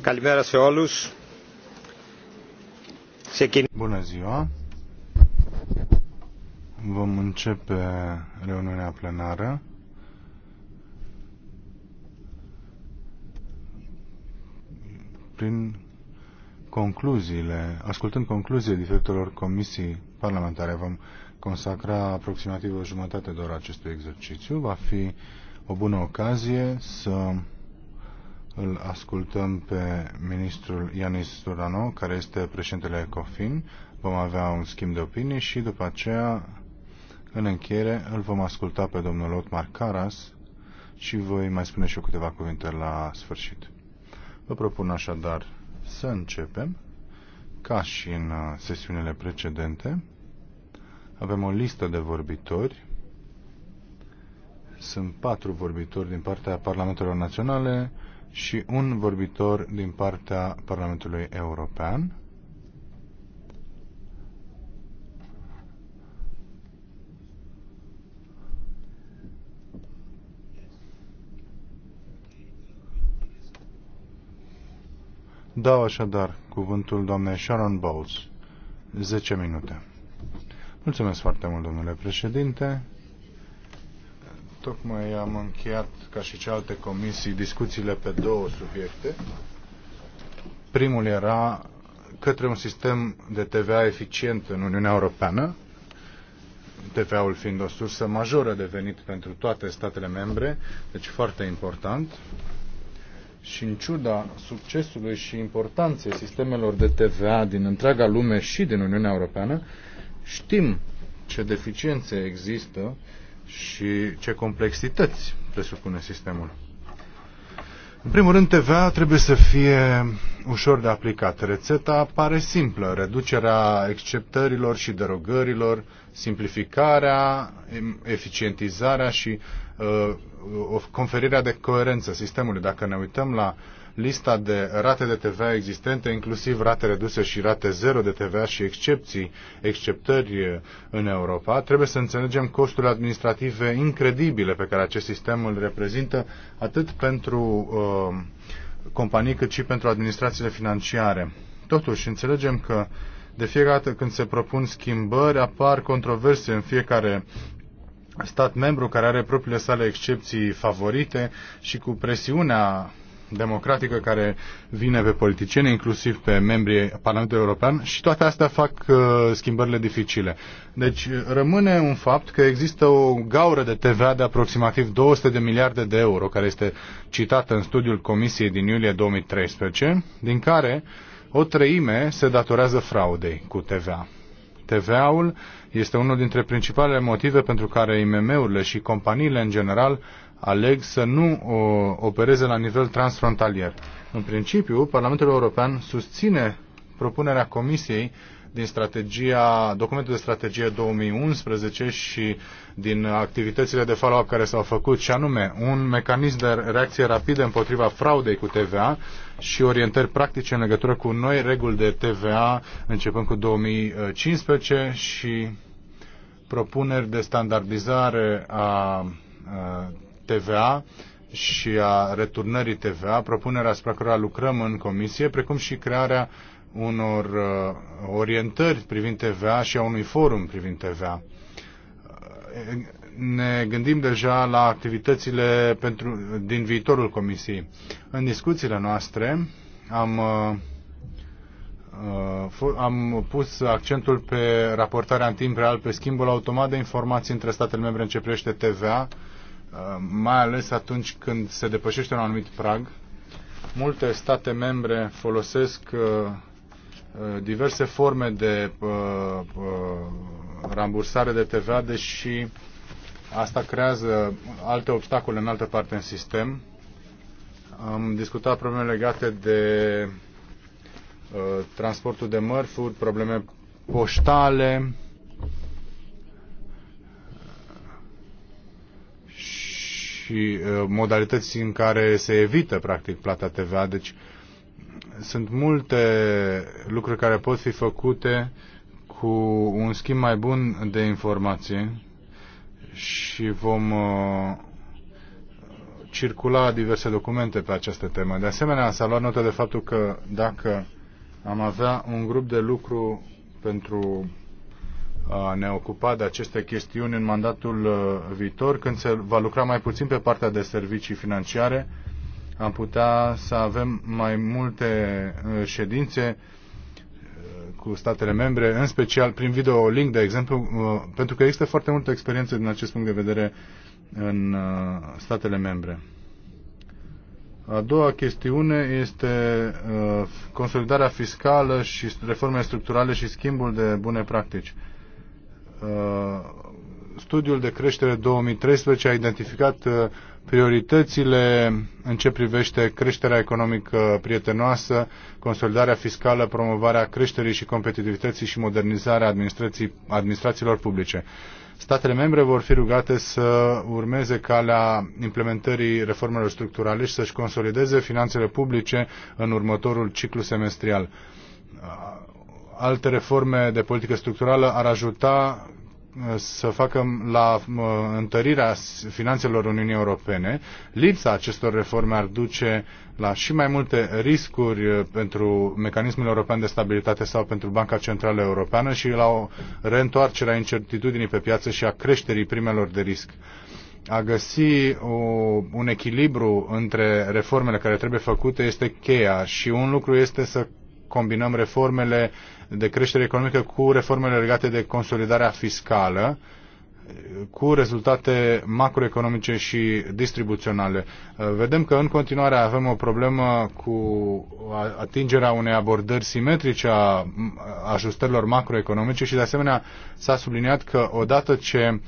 Καλημέρα σε όλους. Bună ziua. Vom începe reuniunea plenară. Prin concluziile, ascultând concluziile diferitelor comisii parlamentare. Vom consacra aproximativ o jumătate de oră acestui exercițiu. Va fi o bună ocazie să îl ascultăm pe ministrul Ianis Durano, care este președintele COFIN. Vom avea un schimb de opinii și după aceea, în încheiere, îl vom asculta pe domnul Otmar Caras și voi mai spune și eu câteva cuvinte la sfârșit. Vă propun așadar să începem, ca și în uh, sesiunile precedente. Avem o listă de vorbitori. Sunt patru vorbitori din partea Parlamentelor Naționale și un vorbitor din partea Parlamentului European. Dau așadar cuvântul doamnei Sharon Bowles. 10 minute. Mulțumesc foarte mult, domnule președinte. Tocmai am încheiat, ca și celelalte comisii, discuțiile pe două subiecte. Primul era către un sistem de TVA eficient în Uniunea Europeană, TVA-ul fiind o sursă majoră de venit pentru toate statele membre, deci foarte important și în ciuda succesului și importanței sistemelor de TVA din întreaga lume și din Uniunea Europeană, știm ce deficiențe există și ce complexități presupune sistemul. În primul rând, TVA trebuie să fie ușor de aplicat. Rețeta pare simplă, reducerea acceptărilor și derogărilor, simplificarea, eficientizarea și Uh, o conferirea de coerență sistemului. Dacă ne uităm la lista de rate de TVA existente, inclusiv rate reduse și rate zero de TVA și excepții, exceptări în Europa, trebuie să înțelegem costurile administrative incredibile pe care acest sistem îl reprezintă atât pentru uh, companii cât și pentru administrațiile financiare. Totuși, înțelegem că de fiecare dată când se propun schimbări, apar controverse în fiecare stat membru care are propriile sale excepții favorite și cu presiunea democratică care vine pe politicieni, inclusiv pe membrii Parlamentului European și toate astea fac uh, schimbările dificile. Deci rămâne un fapt că există o gaură de TVA de aproximativ 200 de miliarde de euro, care este citată în studiul Comisiei din iulie 2013, din care o treime se datorează fraudei cu TVA. TVA-ul este unul dintre principalele motive pentru care IMM-urile și companiile în general aleg să nu opereze la nivel transfrontalier. În principiu, Parlamentul European susține propunerea Comisiei din strategia, documentul de strategie 2011 și din activitățile de follow-up care s-au făcut, și anume un mecanism de reacție rapidă împotriva fraudei cu TVA și orientări practice în legătură cu noi reguli de TVA începând cu 2015 și propuneri de standardizare a TVA și a returnării TVA, propunerea asupra cărora lucrăm în comisie, precum și crearea unor uh, orientări privind TVA și a unui forum privind TVA. Uh, ne gândim deja la activitățile pentru, din viitorul Comisiei. În discuțiile noastre am, uh, am pus accentul pe raportarea în timp real, pe schimbul automat de informații între statele membre în ce privește TVA, mai ales atunci când se depășește un anumit prag. Multe state membre folosesc Uh, diverse forme de uh, uh, rambursare de TVA, deși asta creează alte obstacole în altă parte în sistem. Am discutat probleme legate de transportul de mărfuri, probleme poștale și modalități în care se evită practic plata TVA. Deci sunt multe lucruri care pot fi făcute cu un schimb mai bun de informații și vom uh, circula diverse documente pe această temă. De asemenea, s-a luat notă de faptul că dacă am avea un grup de lucru pentru a ne ocupa de aceste chestiuni în mandatul uh, viitor, când se va lucra mai puțin pe partea de servicii financiare, am putea să avem mai multe uh, ședințe uh, cu statele membre, în special prin video link, de exemplu, uh, pentru că există foarte multă experiență din acest punct de vedere în statele membre. A doua chestiune este consolidarea fiscală și reformele structurale și schimbul de bune practici studiul de creștere 2013 a identificat uh, prioritățile în ce privește creșterea economică prietenoasă, consolidarea fiscală, promovarea creșterii și competitivității și modernizarea administrațiilor publice. Statele membre vor fi rugate să urmeze calea implementării reformelor structurale și să-și consolideze finanțele publice în următorul ciclu semestrial alte reforme de politică structurală ar ajuta să facă la întărirea finanțelor Uniunii Europene. Lipsa acestor reforme ar duce la și mai multe riscuri uh, pentru mecanismul european de stabilitate sau pentru Banca Centrală Europeană și la o reîntoarcere a incertitudinii pe piață și a creșterii primelor de risc a găsi o, un echilibru între reformele care trebuie făcute este cheia și un lucru este să combinăm reformele de creștere economică cu reformele legate de consolidarea fiscală, cu rezultate macroeconomice și distribuționale. Vedem că în continuare avem o problemă cu atingerea unei abordări simetrice a ajustărilor macroeconomice și de asemenea s-a subliniat că odată ce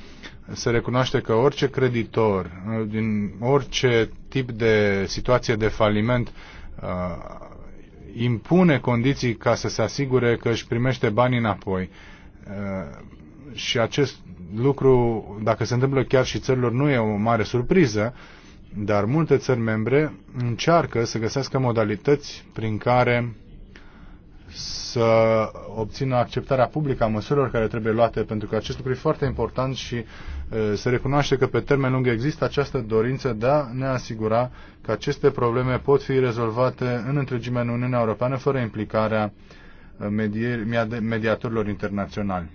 se recunoaște că orice creditor din orice tip de situație de faliment impune condiții ca să se asigure că își primește banii înapoi. Uh, și acest lucru, dacă se întâmplă chiar și țărilor, nu e o mare surpriză, dar multe țări membre încearcă să găsească modalități prin care să obțină acceptarea publică a măsurilor care trebuie luate, pentru că acest lucru e foarte important și se recunoaște că pe termen lung există această dorință de a ne asigura că aceste probleme pot fi rezolvate în întregime în Uniunea Europeană fără implicarea mediatorilor internaționali.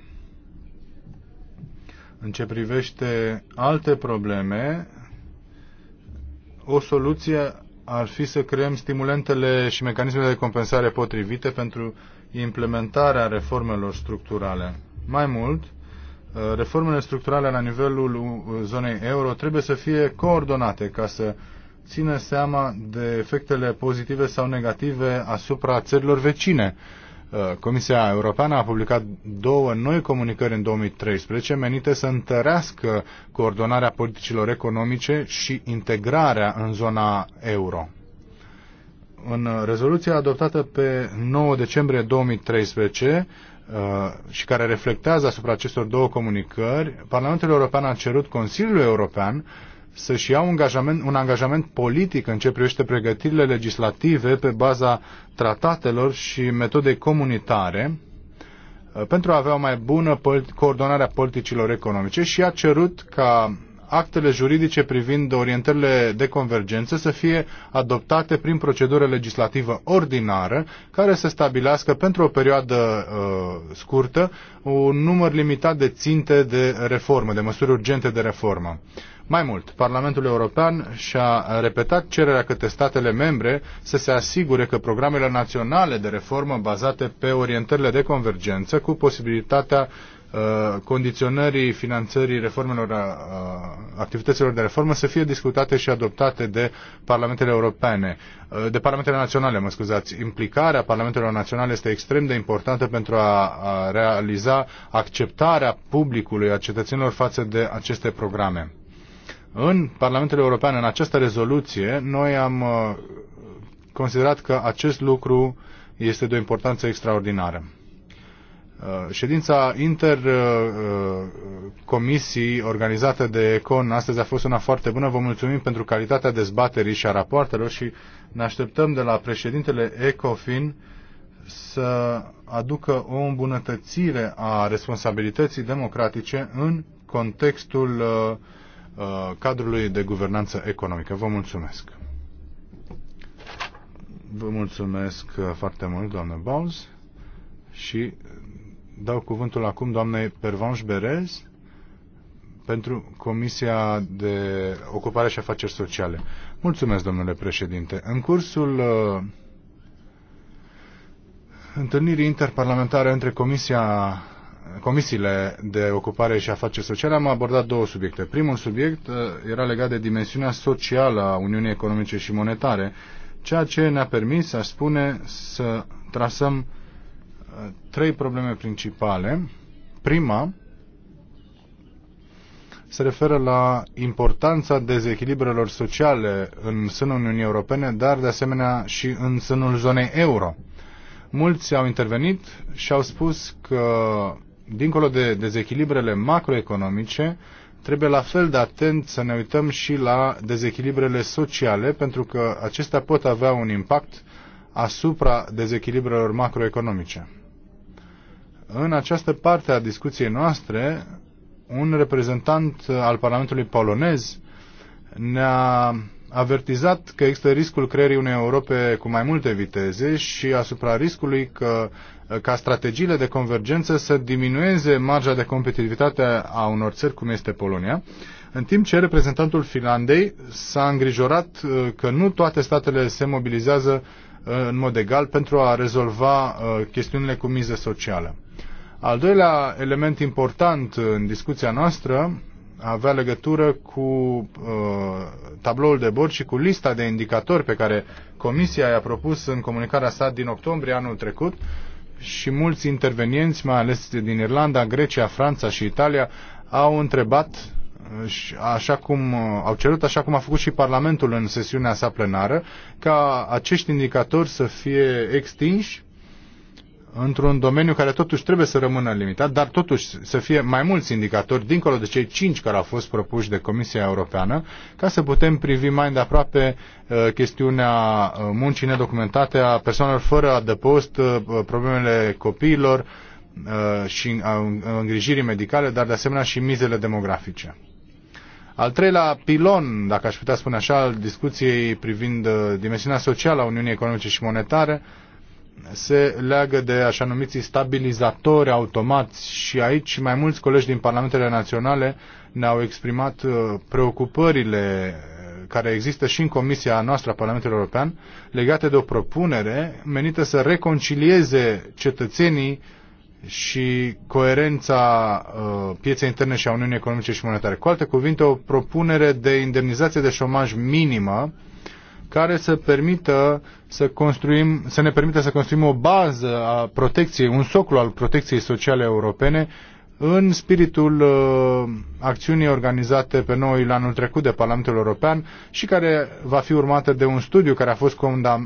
În ce privește alte probleme, o soluție ar fi să creăm stimulentele și mecanismele de compensare potrivite pentru implementarea reformelor structurale. Mai mult, uh, reformele structurale la nivelul zonei euro trebuie să fie coordonate ca să țină seama de efectele pozitive sau negative asupra țărilor vecine Uh, Comisia Europeană a publicat două noi comunicări în 2013 menite să întărească coordonarea politicilor economice și integrarea în zona euro. În rezoluția adoptată pe 9 decembrie 2013 uh, și care reflectează asupra acestor două comunicări, Parlamentul European a cerut Consiliului European să-și ia un angajament, un angajament politic în ce privește pregătirile legislative pe baza tratatelor și metodei comunitare uh, pentru a avea o mai bună coordonare a politicilor economice și a cerut ca actele juridice privind orientările de convergență să fie adoptate prin procedură legislativă ordinară, care să stabilească pentru o perioadă uh, scurtă un număr limitat de ținte de reformă, de măsuri urgente de reformă. Mai mult, Parlamentul European și-a repetat cererea către statele membre să se asigure că programele naționale de reformă bazate pe orientările de convergență cu posibilitatea Uh, condiționării finanțării reformelor, uh, activităților de reformă să fie discutate și adoptate de parlamentele europene, uh, de parlamentele naționale, mă scuzați. Implicarea parlamentelor naționale este extrem de importantă pentru a realiza acceptarea publicului, a cetățenilor față de aceste programe. În Parlamentul European, în această rezoluție, noi am considerat că acest lucru este de o importanță extraordinară. Uh, ședința intercomisii uh, uh, organizată de Econ astăzi a fost una foarte bună. Vă mulțumim pentru calitatea dezbaterii și a rapoartelor și ne așteptăm de la președintele Ecofin să aducă o îmbunătățire a responsabilității democratice în contextul cadrului de guvernanță economică. Vă mulțumesc! Vă mulțumesc foarte mult, doamnă Bowles, și dau cuvântul acum doamnei Pervanș Berez pentru Comisia de Ocupare și Afaceri Sociale. Mulțumesc, domnule președinte. În cursul uh, întâlnirii interparlamentare între Comisia comisiile de ocupare și afaceri sociale, am abordat două subiecte. Primul subiect uh, era legat de dimensiunea socială a Uniunii Economice și Monetare, ceea ce ne-a permis, aș spune, să trasăm trei probleme principale. Prima se referă la importanța dezechilibrelor sociale în sânul Uniunii Europene, dar de asemenea și în sânul zonei euro. Mulți au intervenit și au spus că, dincolo de dezechilibrele macroeconomice, trebuie la fel de atent să ne uităm și la dezechilibrele sociale, pentru că acestea pot avea un impact asupra dezechilibrelor macroeconomice. În această parte a discuției noastre, un reprezentant al Parlamentului polonez ne-a avertizat că există riscul creierii unei Europe cu mai multe viteze și asupra riscului că, ca strategiile de convergență să diminueze marja de competitivitate a unor țări cum este Polonia, în timp ce reprezentantul Finlandei s-a îngrijorat uh, că nu toate statele se mobilizează uh, în mod egal pentru a rezolva uh, chestiunile cu miză socială. Al doilea element important în discuția noastră avea legătură cu uh, tabloul de bord și cu lista de indicatori pe care Comisia i-a propus în comunicarea sa din octombrie anul trecut și mulți intervenienți, mai ales din Irlanda, Grecia, Franța și Italia, au întrebat uh, așa cum uh, au cerut, așa cum a făcut și Parlamentul în sesiunea sa plenară, ca acești indicatori să fie extinși într-un domeniu care totuși trebuie să rămână limitat, dar totuși să fie mai mulți indicatori, dincolo de cei cinci care au fost propuși de Comisia Europeană, ca să putem privi mai îndeaproape uh, chestiunea uh, muncii nedocumentate, a persoanelor fără adăpost, uh, problemele copiilor și îngrijirii medicale, dar de asemenea și mizele demografice. Al treilea pilon, dacă aș putea spune așa, al discuției privind dimensiunea socială a Uniunii Economice și Monetare, se leagă de așa numiții stabilizatori automați și aici mai mulți colegi din Parlamentele Naționale ne-au exprimat uh, preocupările uh, care există și în Comisia noastră a Parlamentului European legate de o propunere menită să reconcilieze cetățenii și coerența uh, pieței interne și a Uniunii Economice și Monetare. Cu alte cuvinte, o propunere de indemnizație de șomaj minimă uh, care să permită să construim, să ne permită să construim o bază a protecției, un soclu al protecției sociale europene în spiritul uh, acțiunii organizate pe noi la anul trecut de Parlamentul European și care va fi urmată de un studiu care a fost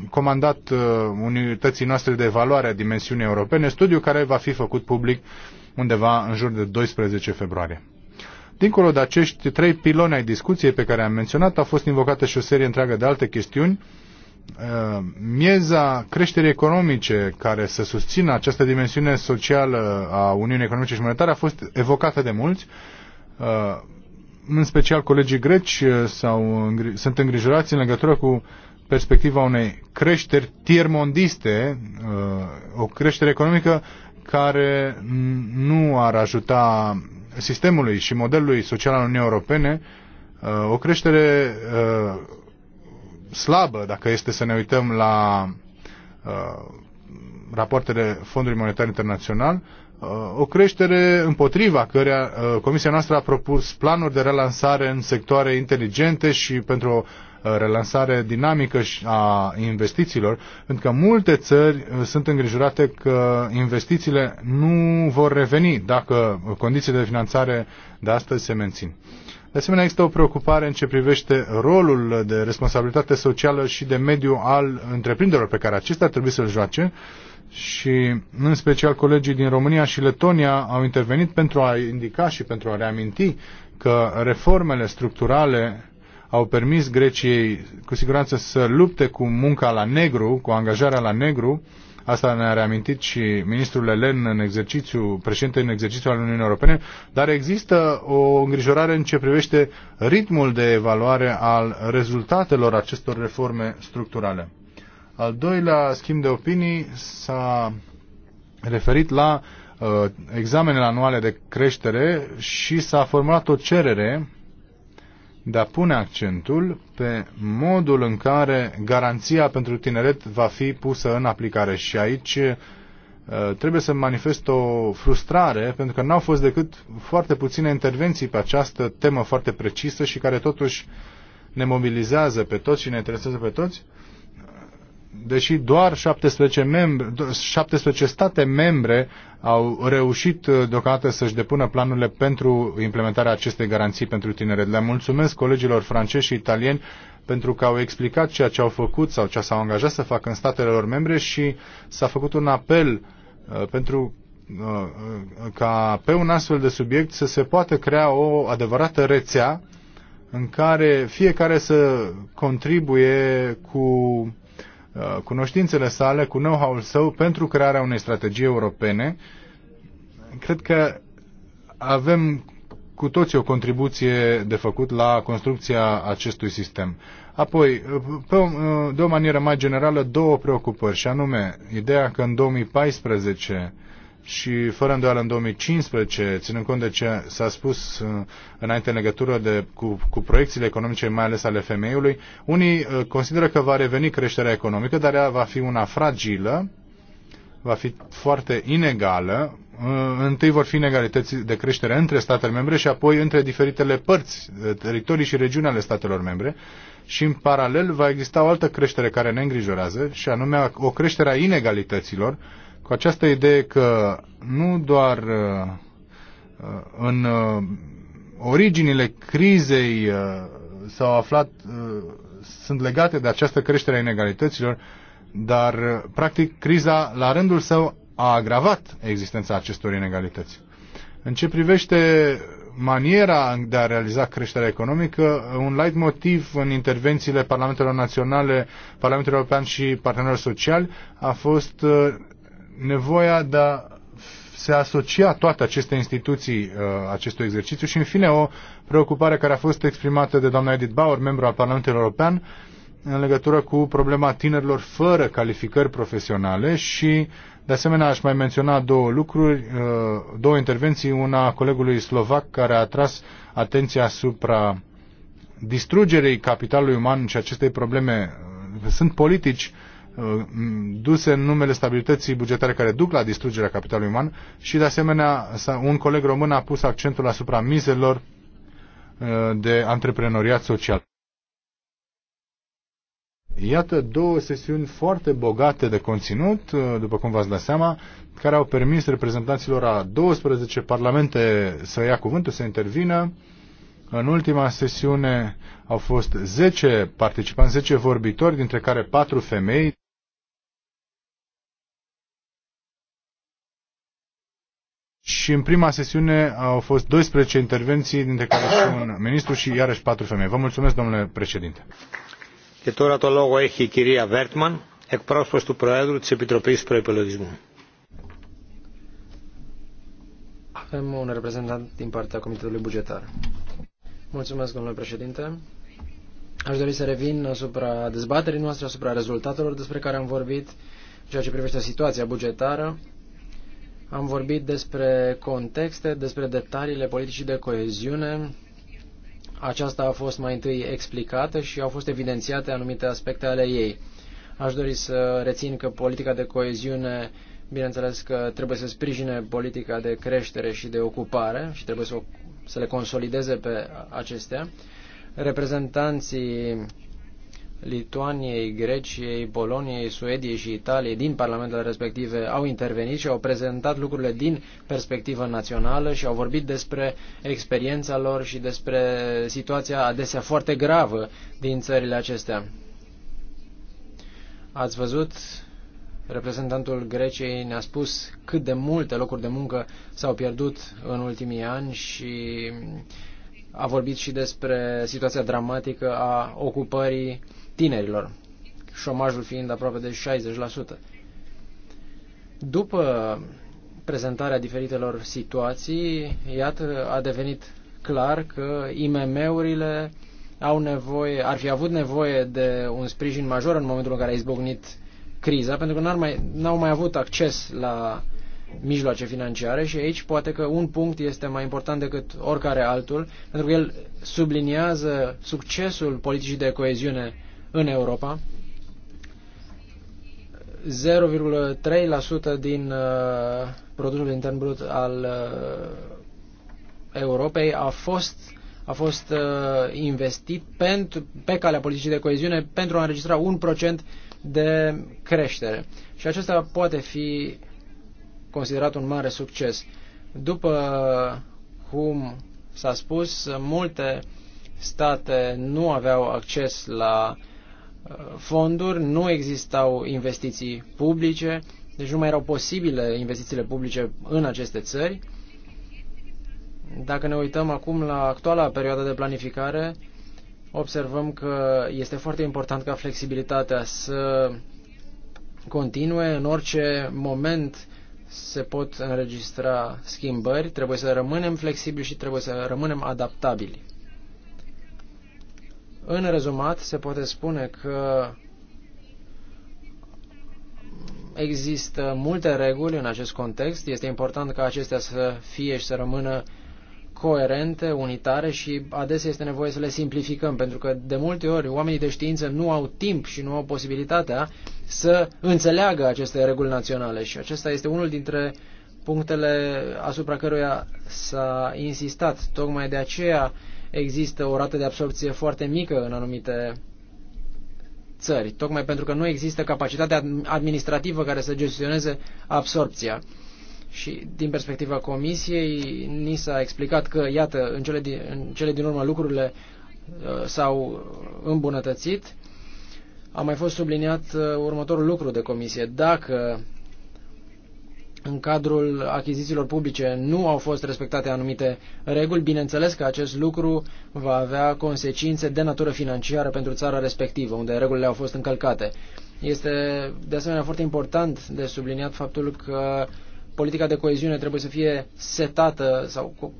comandat uh, unității noastre de evaluare a dimensiunii europene, studiu care va fi făcut public undeva în jur de 12 februarie. Dincolo de acești trei piloni ai discuției pe care am menționat, a fost invocată și o serie întreagă de alte chestiuni. Uh, mieza creșterii economice care să susțină această dimensiune socială a Uniunii Economice și Monetare a fost evocată de mulți. Uh, în special colegii greci uh, sau sunt îngrijorați în legătură cu perspectiva unei creșteri tiermondiste, o creștere economică care nu ar ajuta sistemului și modelului social al Uniunii Europene, uh, o creștere uh, slabă, dacă este să ne uităm la uh, rapoartele Fondului Monetar Internațional, o creștere împotriva căreia Comisia noastră a propus planuri de relansare în sectoare inteligente și pentru o Uh, relansare dinamică a investițiilor, pentru că multe țări uh, sunt îngrijorate că investițiile nu vor reveni dacă condițiile de finanțare de astăzi se mențin. De asemenea, există o preocupare în ce privește rolul de responsabilitate socială și de mediu al întreprinderilor pe care acestea trebuie să-l joace și în special colegii din România și Letonia au intervenit pentru a indica și pentru a reaminti că reformele structurale au permis Greciei cu siguranță să lupte cu munca la negru, cu angajarea la negru. Asta ne-a reamintit și ministrul Elen în exercițiu, președinte în exercițiu al Uniunii Europene, dar există o îngrijorare în ce privește ritmul de evaluare al rezultatelor acestor reforme structurale. Al doilea schimb de opinii s-a referit la uh, examenele anuale de creștere și s-a formulat o cerere de a pune accentul pe modul în care garanția pentru tineret va fi pusă în aplicare. Și aici uh, trebuie să manifest o frustrare pentru că n-au fost decât foarte puține intervenții pe această temă foarte precisă și care totuși ne mobilizează pe toți și ne interesează pe toți deși doar 17, membre, 17 state membre au reușit uh, deocamdată să-și depună planurile pentru implementarea acestei garanții pentru tinere. Le mulțumesc colegilor francezi și italieni pentru că au explicat ceea ce au făcut sau ce s-au angajat să facă în statele lor membre și s-a făcut un apel uh, pentru uh, ca pe un astfel de subiect să se poată crea o adevărată rețea în care fiecare să contribuie cu Uh, cunoștințele sale, cu know-how-ul său pentru crearea unei strategii europene. Cred că avem cu toții o contribuție de făcut la construcția acestui sistem. Apoi, pe o, uh, de o manieră mai generală, două preocupări, și anume ideea că în 2014 și fără îndoială în 2015, ținând cont de ce s-a spus uh, înainte în legătură de, cu, cu proiecțiile economice, mai ales ale femeiului, unii uh, consideră că va reveni creșterea economică, dar ea va fi una fragilă, va fi foarte inegală. Uh, întâi vor fi inegalități de creștere între statele membre și apoi între diferitele părți, teritorii și regiuni ale statelor membre. Și în paralel va exista o altă creștere care ne îngrijorează, și anume o creștere a inegalităților, cu această idee că nu doar uh, uh, în uh, originile crizei s-au aflat, sunt legate de această creștere a inegalităților, dar practic criza la rândul său a agravat existența acestor inegalități. În ce privește maniera de a realiza creșterea economică, un light motiv în intervențiile Parlamentelor Naționale, Parlamentul European și partenerilor sociali a fost nevoia de a se asocia toate aceste instituții uh, acestui exercițiu și, în fine, o preocupare care a fost exprimată de doamna Edith Bauer, membru al Parlamentului European, în legătură cu problema tinerilor fără calificări profesionale și, de asemenea, aș mai menționa două lucruri, uh, două intervenții, una a colegului slovac care a atras atenția asupra distrugerii capitalului uman și acestei probleme. Sunt politici uh, duse în numele stabilității bugetare care duc la distrugerea capitalului uman și, de asemenea, un coleg român a pus accentul asupra mizelor uh, de antreprenoriat social. Iată două sesiuni foarte bogate de conținut, uh, după cum v-ați dat seama, care au permis reprezentanților a 12 parlamente să ia cuvântul, să intervină. În ultima sesiune au fost 10 participanți, 10 vorbitori, dintre care 4 femei. și în prima sesiune au fost 12 intervenții, dintre care și un ministru și iarăși patru femei. Vă mulțumesc, domnule președinte. Και τώρα το λόγο έχει η κυρία Βέρτμαν, εκπρόσωπος του Προέδρου της Επιτροπής Προϋπολογισμού. Avem un reprezentant din partea Comitetului Bugetar. Mulțumesc, domnule președinte. Aș dori să revin asupra dezbaterii noastre, asupra rezultatelor despre care am vorbit, ceea ce privește situația bugetară am vorbit despre contexte, despre detaliile politicii de coeziune. Aceasta a fost mai întâi explicată și au fost evidențiate anumite aspecte ale ei. Aș dori să rețin că politica de coeziune, bineînțeles că trebuie să sprijine politica de creștere și de ocupare și trebuie să, o, să le consolideze pe acestea. Reprezentanții Lituaniei, Greciei, Poloniei, Suediei și Italiei din parlamentele respective au intervenit și au prezentat lucrurile din perspectivă națională și au vorbit despre experiența lor și despre situația adesea foarte gravă din țările acestea. Ați văzut, reprezentantul Greciei ne-a spus cât de multe locuri de muncă s-au pierdut în ultimii ani și a vorbit și despre situația dramatică a ocupării tinerilor, șomajul fiind aproape de 60%. După prezentarea diferitelor situații, iată, a devenit clar că IMM-urile au nevoie, ar fi avut nevoie de un sprijin major în momentul în care a izbucnit criza, pentru că n-au mai, mai avut acces la mijloace financiare și aici poate că un punct este mai important decât oricare altul, pentru că el subliniază succesul politicii de coeziune în Europa. 0,3% din uh, produsul intern brut al uh, Europei a fost, a fost uh, investit pentru, pe calea politicii de coeziune pentru a înregistra 1% de creștere. Și acesta poate fi considerat un mare succes. După cum s-a spus, multe state nu aveau acces la uh, fonduri, nu existau investiții publice, deci nu mai erau posibile investițiile publice în aceste țări. Dacă ne uităm acum la actuala perioadă de planificare, observăm că este foarte important ca flexibilitatea să continue. În orice moment se pot înregistra schimbări, trebuie să rămânem flexibili și trebuie să rămânem adaptabili. În rezumat, se poate spune că există multe reguli în acest context. Este important ca acestea să fie și să rămână coerente, unitare și adesea este nevoie să le simplificăm, pentru că de multe ori oamenii de știință nu au timp și nu au posibilitatea să înțeleagă aceste reguli naționale și acesta este unul dintre punctele asupra căruia s-a insistat. Tocmai de aceea există o rată de absorpție foarte mică în anumite țări, tocmai pentru că nu există capacitatea administrativă care să gestioneze absorpția. Și din perspectiva comisiei, ni s-a explicat că, iată, în cele din, în cele din urmă lucrurile uh, s-au îmbunătățit. A mai fost subliniat uh, următorul lucru de comisie. Dacă în cadrul achizițiilor publice nu au fost respectate anumite reguli, bineînțeles că acest lucru va avea consecințe de natură financiară pentru țara respectivă, unde regulile au fost încălcate. Este de asemenea foarte important de subliniat faptul că politica de coeziune trebuie să fie setată sau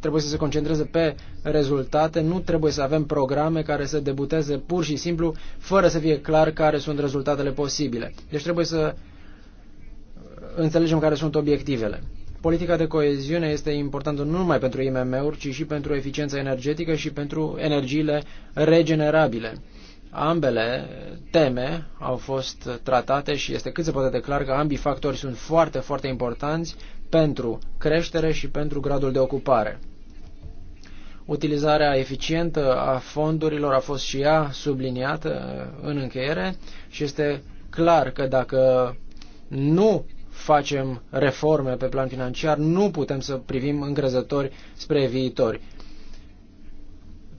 trebuie să se concentreze pe rezultate, nu trebuie să avem programe care să debuteze pur și simplu fără să fie clar care sunt rezultatele posibile. Deci trebuie să înțelegem care sunt obiectivele. Politica de coeziune este importantă nu numai pentru IMM-uri, ci și pentru eficiența energetică și pentru energiile regenerabile. Ambele teme au fost tratate și este cât se poate declar clar că ambii factori sunt foarte, foarte importanți pentru creștere și pentru gradul de ocupare. Utilizarea eficientă a fondurilor a fost și ea subliniată uh, în încheiere și este clar că dacă nu facem reforme pe plan financiar, nu putem să privim încrezători spre viitor.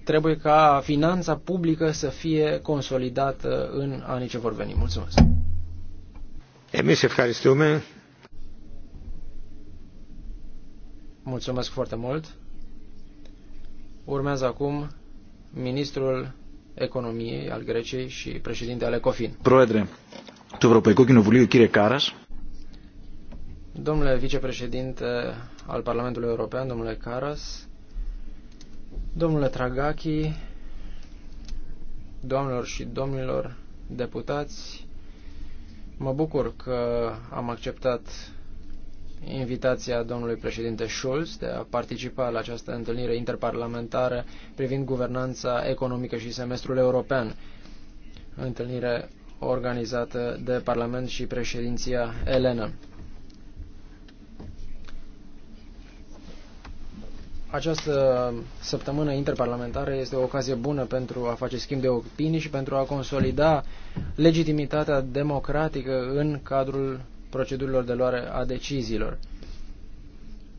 Trebuie ca finanța publică să fie consolidată în anii ce vor veni. Mulțumesc! Emis Efharistume. Mulțumesc foarte mult. Urmează acum ministrul economiei al Greciei și președinte al Ecofin. Proedre, του Ευρωπαϊκού Κοινοβουλίου, Kire Caras. Domnule vicepreședinte al Parlamentului European, domnule Caras, domnule Tragachi, doamnelor și domnilor deputați, mă bucur că am acceptat invitația domnului președinte Schulz de a participa la această întâlnire interparlamentară privind guvernanța economică și semestrul european. Întâlnire organizată de Parlament și președinția Elena. Această săptămână interparlamentară este o ocazie bună pentru a face schimb de opinii și pentru a consolida legitimitatea democratică în cadrul procedurilor de luare a deciziilor.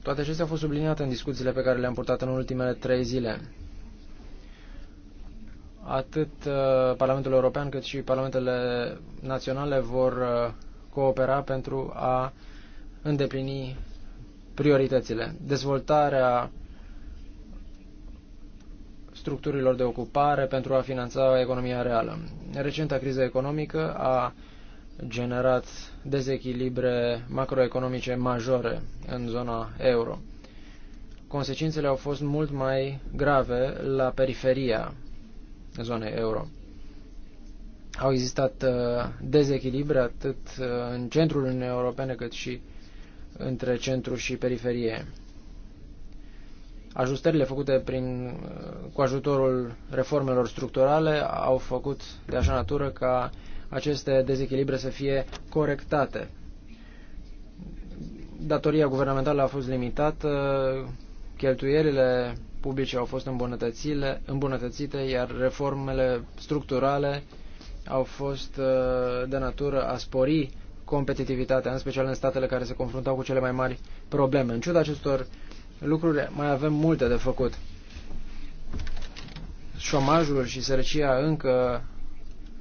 Toate acestea au fost subliniate în discuțiile pe care le-am purtat în ultimele trei zile. Atât uh, Parlamentul European cât și Parlamentele naționale vor uh, coopera pentru a îndeplini prioritățile. Dezvoltarea structurilor de ocupare pentru a finanța economia reală. Recenta criză economică a generat dezechilibre macroeconomice majore în zona euro. Consecințele au fost mult mai grave la periferia zonei euro. Au existat uh, dezechilibre atât uh, în centrul Uniunii Europene cât și între centru și periferie. Ajustările făcute prin, uh, cu ajutorul reformelor structurale au făcut de așa natură ca aceste dezechilibre să fie corectate. Datoria guvernamentală a fost limitată, cheltuielile publice au fost îmbunătățite, iar reformele structurale au fost uh, de natură a spori competitivitatea, în special în statele care se confruntau cu cele mai mari probleme. În ciuda acestor uh, lucruri mai avem multe de făcut. Șomajul și sărăcia încă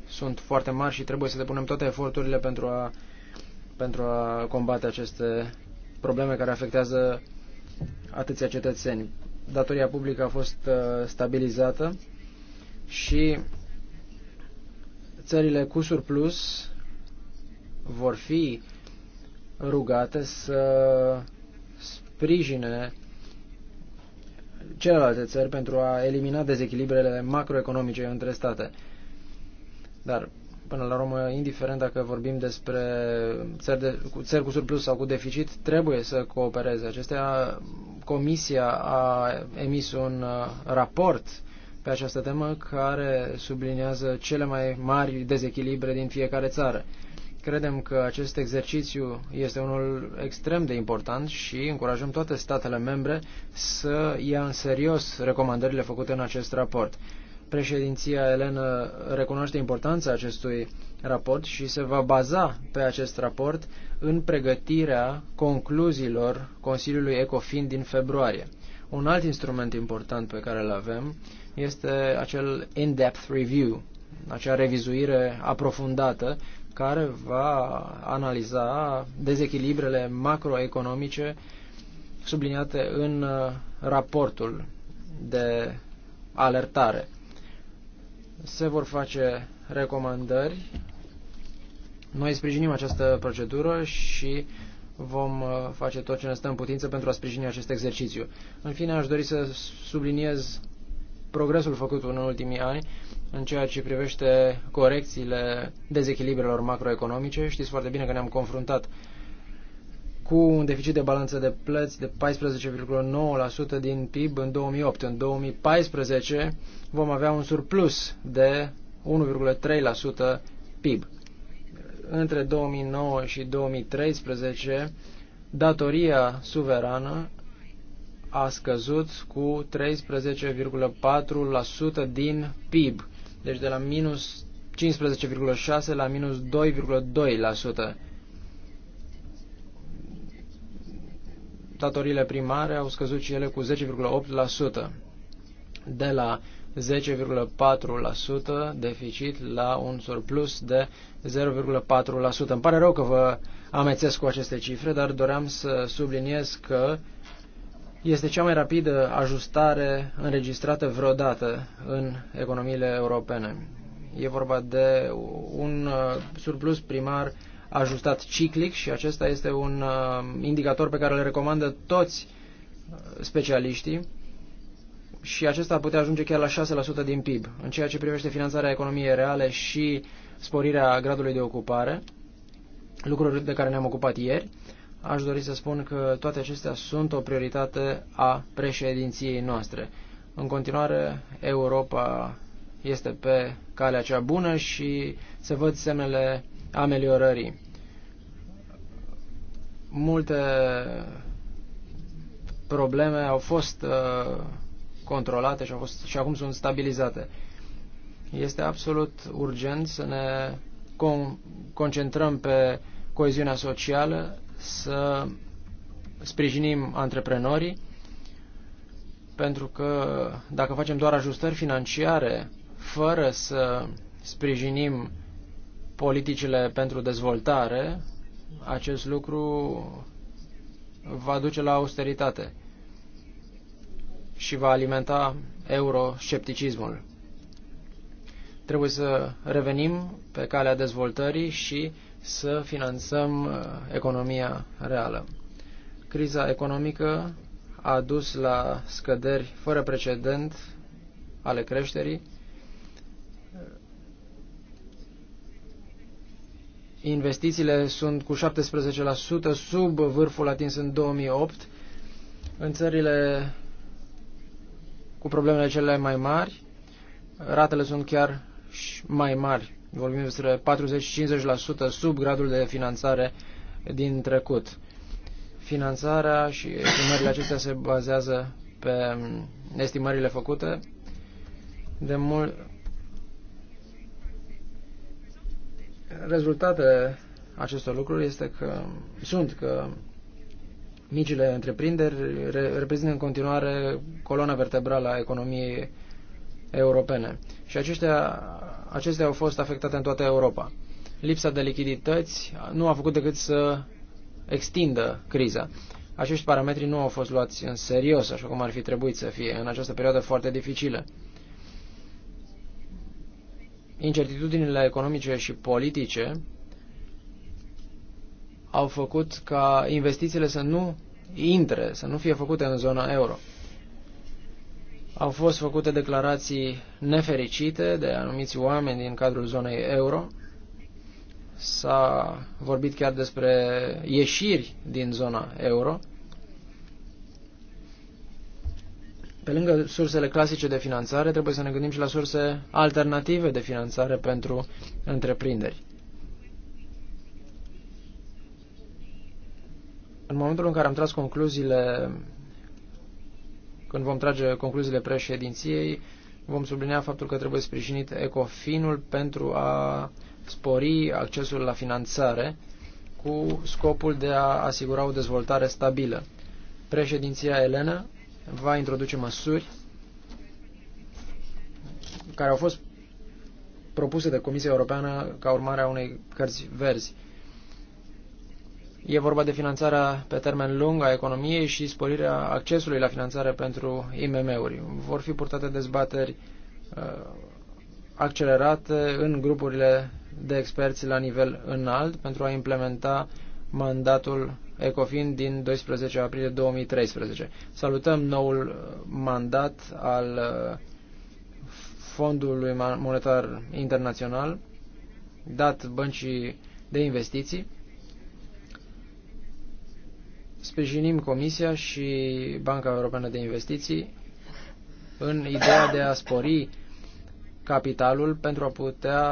sunt foarte mari și trebuie să depunem toate eforturile pentru a, pentru a combate aceste probleme care afectează atâția cetățeni. Datoria publică a fost uh, stabilizată și țările cu surplus vor fi rugate să sprijine celelalte țări pentru a elimina dezechilibrele macroeconomice între state. Dar, până la urmă, indiferent dacă vorbim despre țări, de, cu, țări cu surplus sau cu deficit, trebuie să coopereze. Acestea, Comisia a emis un uh, raport pe această temă care subliniază cele mai mari dezechilibre din fiecare țară. Credem că acest exercițiu este unul extrem de important și încurajăm toate statele membre să ia în serios recomandările făcute în acest raport. Președinția Elenă recunoaște importanța acestui raport și se va baza pe acest raport în pregătirea concluziilor Consiliului ECOFIN din februarie. Un alt instrument important pe care îl avem este acel in-depth review, acea revizuire aprofundată care va analiza dezechilibrele macroeconomice subliniate în uh, raportul de alertare. Se vor face recomandări. Noi sprijinim această procedură și vom uh, face tot ce ne stă în putință pentru a sprijini acest exercițiu. În fine, aș dori să subliniez progresul făcut în ultimii ani în ceea ce privește corecțiile dezechilibrelor macroeconomice. Știți foarte bine că ne-am confruntat cu un deficit de balanță de plăți de 14,9% din PIB în 2008. În 2014 vom avea un surplus de 1,3% PIB. Între 2009 și 2013, datoria suverană a scăzut cu 13,4% din PIB, deci de la minus 15,6 la minus 2,2%. Datorile primare au scăzut și ele cu 10,8%, de la 10,4% deficit la un surplus de 0,4%. Îmi pare rău că vă amețesc cu aceste cifre, dar doream să subliniez că uh, este cea mai rapidă ajustare înregistrată vreodată în economiile europene. E vorba de un uh, surplus primar ajustat ciclic și acesta este un uh, indicator pe care îl recomandă toți uh, specialiștii și acesta putea ajunge chiar la 6% din PIB. În ceea ce privește finanțarea economiei reale și sporirea gradului de ocupare, lucruri de care ne-am ocupat ieri, aș dori să spun că toate acestea sunt o prioritate a președinției noastre. În continuare, Europa este pe calea cea bună și se văd semnele ameliorării. Multe probleme au fost uh, controlate și, au fost, și acum sunt stabilizate. Este absolut urgent să ne concentrăm pe coeziunea socială, să sprijinim antreprenorii, pentru că dacă facem doar ajustări financiare, fără să sprijinim politicile pentru dezvoltare, acest lucru va duce la austeritate și va alimenta euroscepticismul. Trebuie să revenim pe calea dezvoltării și să finanțăm uh, economia reală. Criza economică a dus la scăderi fără precedent ale creșterii. Investițiile sunt cu 17% sub vârful atins în 2008. În țările cu problemele cele mai mari, ratele sunt chiar mai mari vorbim despre 40-50% sub gradul de finanțare din trecut. Finanțarea și estimările acestea se bazează pe estimările făcute de mult rezultatele acestor lucruri este că sunt că micile întreprinderi reprezintă în continuare coloana vertebrală a economiei europene. Și aceștia, acestea au fost afectate în toată Europa. Lipsa de lichidități nu a făcut decât să extindă criza. Acești parametri nu au fost luați în serios, așa cum ar fi trebuit să fie, în această perioadă foarte dificilă. Incertitudinile economice și politice au făcut ca investițiile să nu intre, să nu fie făcute în zona euro. Au fost făcute declarații nefericite de anumiți oameni din cadrul zonei euro. S-a vorbit chiar despre ieșiri din zona euro. Pe lângă sursele clasice de finanțare, trebuie să ne gândim și la surse alternative de finanțare pentru întreprinderi. În momentul în care am tras concluziile când vom trage concluziile președinției, vom sublinia faptul că trebuie sprijinit ecofinul pentru a spori accesul la finanțare cu scopul de a asigura o dezvoltare stabilă. Președinția Elena va introduce măsuri care au fost propuse de Comisia Europeană ca urmare a unei cărți verzi. E vorba de finanțarea pe termen lung a economiei și sporirea accesului la finanțare pentru IMM-uri. Vor fi purtate dezbateri uh, accelerate în grupurile de experți la nivel înalt pentru a implementa mandatul ECOFIN din 12 aprilie 2013. Salutăm noul mandat al uh, Fondului Monetar Internațional dat băncii de investiții Sprijinim Comisia și Banca Europeană de Investiții în ideea de a spori capitalul pentru a putea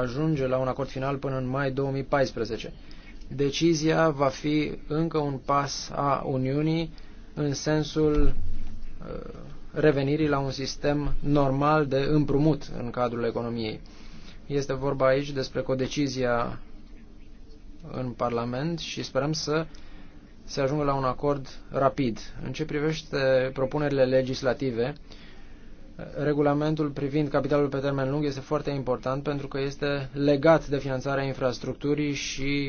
ajunge la un acord final până în mai 2014. Decizia va fi încă un pas a Uniunii în sensul uh, revenirii la un sistem normal de împrumut în cadrul economiei. Este vorba aici despre codecizia în Parlament și sperăm să uh, se ajungă la un acord rapid. În ce privește propunerile legislative, regulamentul privind capitalul pe termen lung este foarte important pentru că este legat de finanțarea infrastructurii și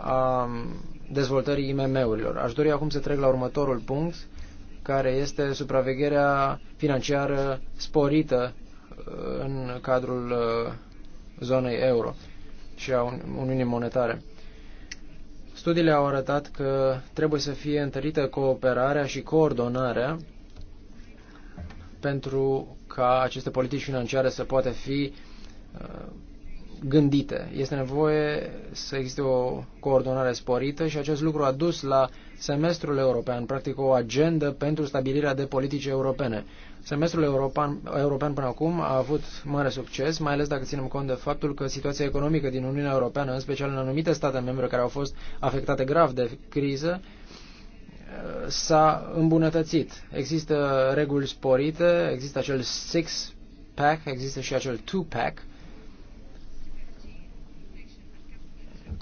a dezvoltării IMM-urilor. Aș dori acum să trec la următorul punct, care este supravegherea financiară sporită uh, în cadrul uh, zonei euro și a Uniunii Monetare. Studiile au arătat că trebuie să fie întărită cooperarea și coordonarea pentru ca aceste politici financiare să poată fi uh, gândite. Este nevoie să existe o coordonare sporită și acest lucru a dus la semestrul european, practic o agendă pentru stabilirea de politici europene. Semestrul european, european până acum a avut mare succes, mai ales dacă ținem cont de faptul că situația economică din Uniunea Europeană, în special în anumite state membre care au fost afectate grav de criză, s-a îmbunătățit. Există reguli sporite, există acel six-pack, există și acel two-pack,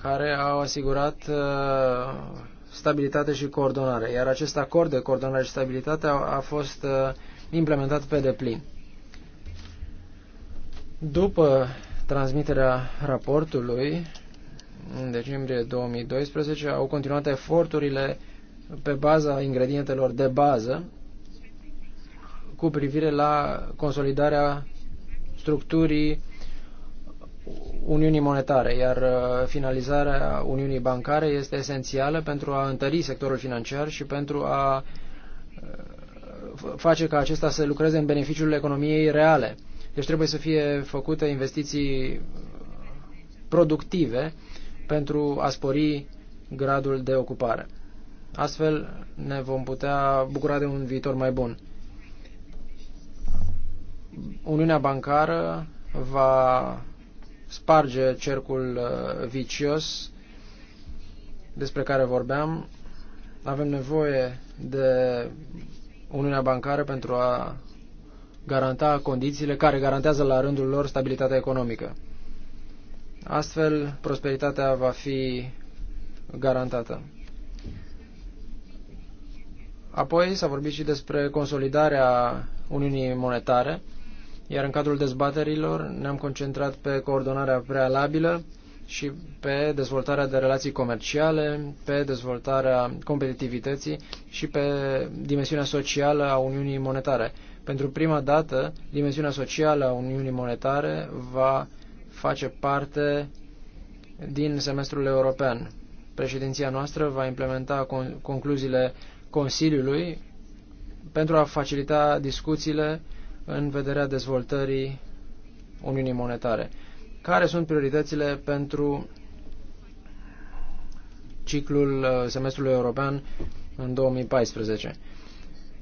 care au asigurat uh, stabilitate și coordonare. Iar acest acord de coordonare și stabilitate a, a fost uh, implementat pe deplin. După transmiterea raportului, în decembrie 2012, au continuat eforturile pe baza ingredientelor de bază cu privire la consolidarea structurii Uniunii Monetare, iar uh, finalizarea Uniunii Bancare este esențială pentru a întări sectorul financiar și pentru a uh, face ca acesta să lucreze în beneficiul economiei reale. Deci trebuie să fie făcute investiții productive pentru a spori gradul de ocupare. Astfel ne vom putea bucura de un viitor mai bun. Uniunea bancară va sparge cercul uh, vicios despre care vorbeam. Avem nevoie de Uniunea Bancară pentru a garanta condițiile care garantează la rândul lor stabilitatea economică. Astfel, prosperitatea va fi garantată. Apoi s-a vorbit și despre consolidarea Uniunii Monetare, iar în cadrul dezbaterilor ne-am concentrat pe coordonarea prealabilă și pe dezvoltarea de relații comerciale, pe dezvoltarea competitivității și pe dimensiunea socială a Uniunii Monetare. Pentru prima dată, dimensiunea socială a Uniunii Monetare va face parte din semestrul european. Președinția noastră va implementa concluziile Consiliului pentru a facilita discuțiile în vederea dezvoltării Uniunii Monetare care sunt prioritățile pentru ciclul uh, semestrului european în 2014.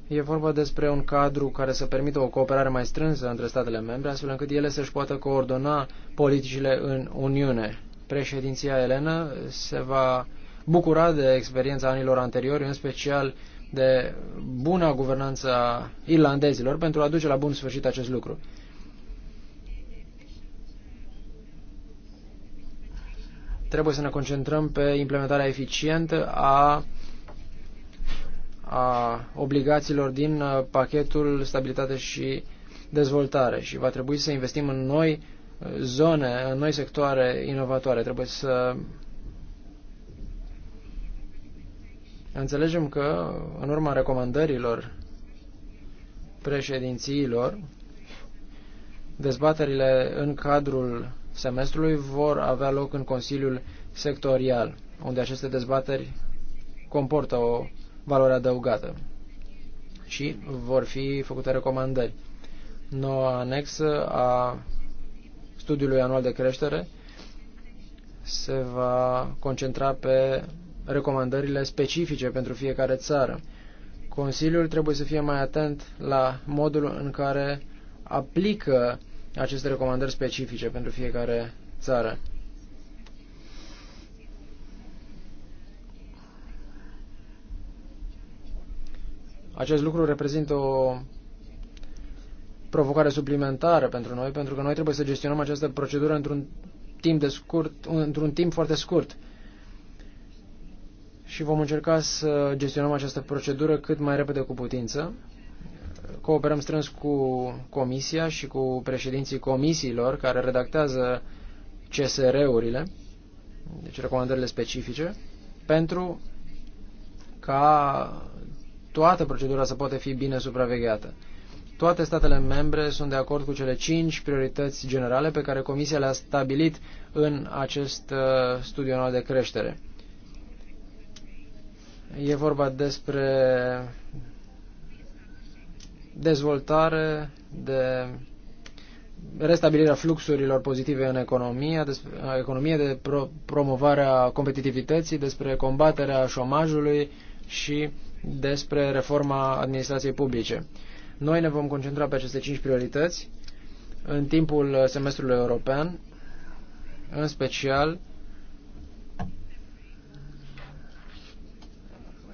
E vorba despre un cadru care să permită o cooperare mai strânsă între statele membre, astfel încât ele să-și poată coordona politicile în Uniune. Președinția Elenă se va bucura de experiența anilor anteriori, în special de buna guvernanță a irlandezilor, pentru a duce la bun sfârșit acest lucru. trebuie să ne concentrăm pe implementarea eficientă a, a obligațiilor din uh, pachetul stabilitate și dezvoltare și va trebui să investim în noi uh, zone, în noi sectoare inovatoare. Trebuie să înțelegem că în urma recomandărilor președințiilor, dezbaterile în cadrul semestrului vor avea loc în Consiliul Sectorial, unde aceste dezbateri comportă o valoare adăugată și vor fi făcute recomandări. Noua anexă a studiului anual de creștere se va concentra pe recomandările specifice pentru fiecare țară. Consiliul trebuie să fie mai atent la modul în care aplică aceste recomandări specifice pentru fiecare țară. Acest lucru reprezintă o provocare suplimentară pentru noi, pentru că noi trebuie să gestionăm această procedură într-un timp, de scurt, într-un timp foarte scurt. Și vom încerca să gestionăm această procedură cât mai repede cu putință cooperăm strâns cu Comisia și cu președinții comisiilor care redactează CSR-urile, deci recomandările specifice, pentru ca toată procedura să poată fi bine supravegheată. Toate statele membre sunt de acord cu cele cinci priorități generale pe care Comisia le-a stabilit în acest uh, studiu anual de creștere. E vorba despre dezvoltare, de restabilirea fluxurilor pozitive în economie, despre, economie de pro, promovarea competitivității, despre combaterea șomajului și despre reforma administrației publice. Noi ne vom concentra pe aceste cinci priorități în timpul semestrului european, în special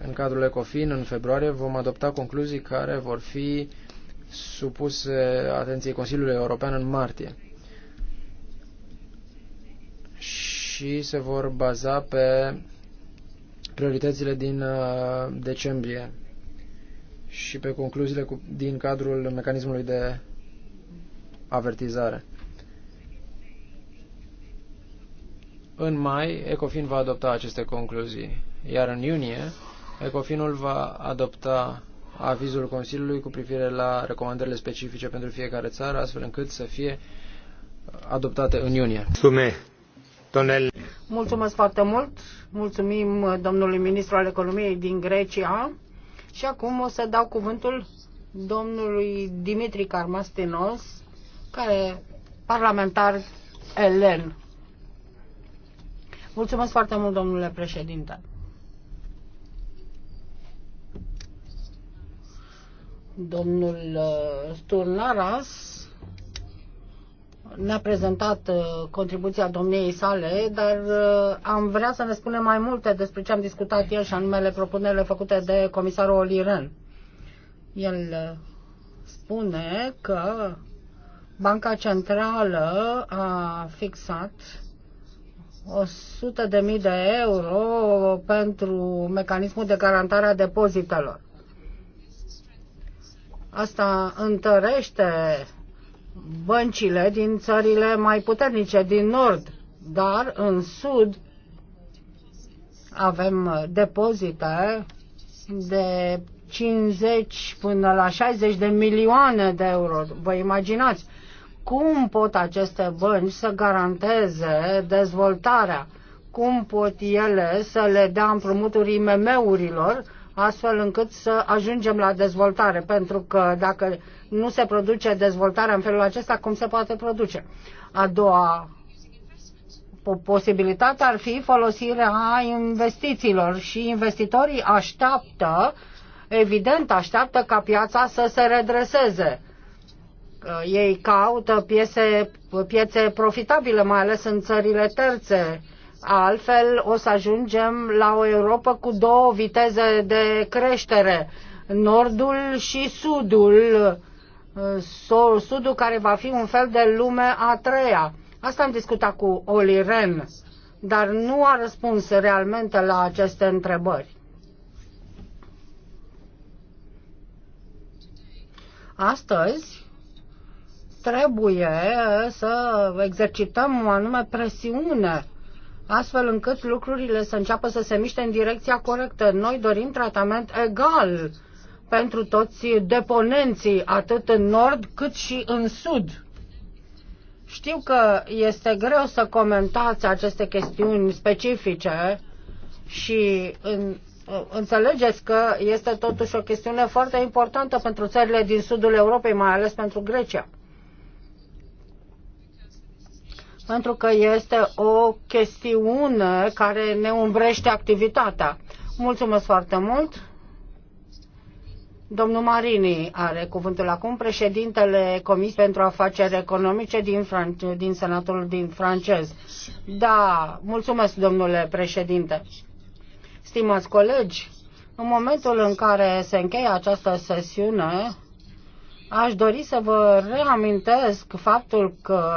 În cadrul ECOFIN, în februarie, vom adopta concluzii care vor fi supuse atenției Consiliului European în martie. Și se vor baza pe prioritățile din uh, decembrie și pe concluziile cu, din cadrul mecanismului de avertizare. În mai, ECOFIN va adopta aceste concluzii, iar în iunie Ecofinul va adopta avizul Consiliului cu privire la recomandările specifice pentru fiecare țară, astfel încât să fie adoptate în iunie. Mulțumesc foarte mult. Mulțumim domnului ministru al economiei din Grecia. Și acum o să dau cuvântul domnului Dimitri Carmastinos, care e parlamentar elen. Mulțumesc foarte mult, domnule președinte. Domnul uh, Sturnaras ne-a prezentat uh, contribuția domniei sale, dar uh, am vrea să ne spunem mai multe despre ce am discutat ieri și anumele propunerile făcute de comisarul Oliren. El spune că Banca Centrală a fixat 100.000 de euro pentru mecanismul de garantare a depozitelor. Asta întărește băncile din țările mai puternice din nord, dar în sud avem depozite de 50 până la 60 de milioane de euro. Vă imaginați cum pot aceste bănci să garanteze dezvoltarea? Cum pot ele să le dea împrumuturi IMM-urilor? astfel încât să ajungem la dezvoltare, pentru că dacă nu se produce dezvoltarea în felul acesta, cum se poate produce? A doua posibilitate ar fi folosirea investițiilor și investitorii așteaptă, evident așteaptă ca piața să se redreseze. Ei caută piese, piețe profitabile, mai ales în țările terțe Altfel o să ajungem la o Europa cu două viteze de creștere, nordul și sudul, sudul care va fi un fel de lume a treia. Asta am discutat cu Oli Ren, dar nu a răspuns realmente la aceste întrebări. Astăzi trebuie să exercităm o anume presiune astfel încât lucrurile să înceapă să se miște în direcția corectă. Noi dorim tratament egal pentru toți deponenții, atât în nord cât și în sud. Știu că este greu să comentați aceste chestiuni specifice și în, înțelegeți că este totuși o chestiune foarte importantă pentru țările din sudul Europei, mai ales pentru Grecia. pentru că este o chestiune care ne umbrește activitatea. Mulțumesc foarte mult! Domnul Marini are cuvântul acum, președintele Comisiei pentru Afaceri Economice din, Fran- din Senatul din francez. Da, mulțumesc, domnule președinte. Stimați colegi, în momentul în care se încheie această sesiune, Aș dori să vă reamintesc faptul că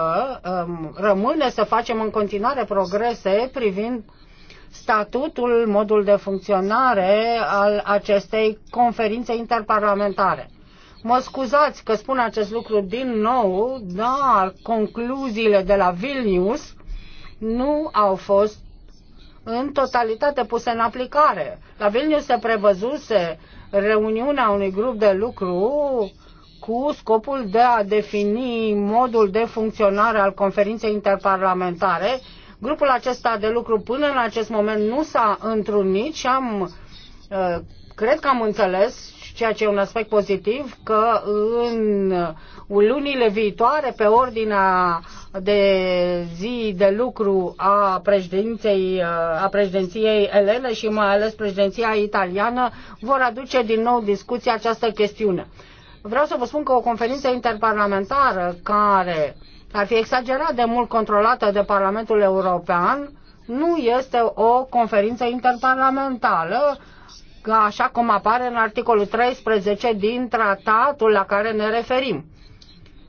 um, rămâne să facem în continuare progrese privind statutul, modul de funcționare al acestei conferințe interparlamentare. Mă scuzați că spun acest lucru din nou, dar concluziile de la Vilnius nu au fost în totalitate puse în aplicare. La Vilnius se prevăzuse reuniunea unui grup de lucru uh, cu scopul de a defini modul de funcționare al conferinței interparlamentare. Grupul acesta de lucru până în acest moment nu s-a întrunit și am, uh, cred că am înțeles, ceea ce e un aspect pozitiv, că în lunile viitoare, pe ordinea de zi de lucru a președinței, uh, a președinției elene și mai ales președinția italiană, vor aduce din nou discuția această chestiune. Vreau să vă spun că o conferință interparlamentară care ar fi exagerat de mult controlată de Parlamentul European nu este o conferință interparlamentară, așa cum apare în articolul 13 din tratatul la care ne referim.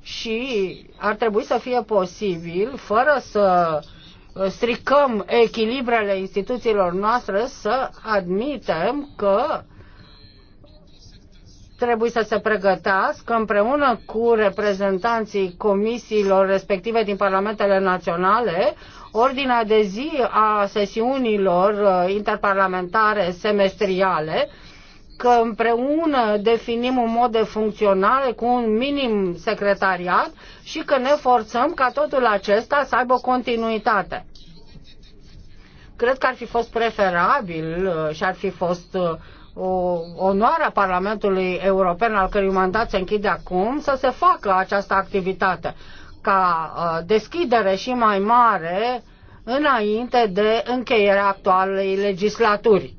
Și ar trebui să fie posibil, fără să stricăm echilibrele instituțiilor noastre, să admitem că uh, trebuie să se pregătească împreună cu reprezentanții comisiilor respective din parlamentele naționale ordinea de zi a sesiunilor uh, interparlamentare semestriale, că împreună definim un mod de funcționare cu un minim secretariat și că ne forțăm ca totul acesta să aibă continuitate. Cred că ar fi fost preferabil uh, și ar fi fost uh, o onoare a Parlamentului European, al cărui mandat se închide acum, să se facă această activitate ca uh, deschidere și mai mare înainte de încheierea actualei legislaturi.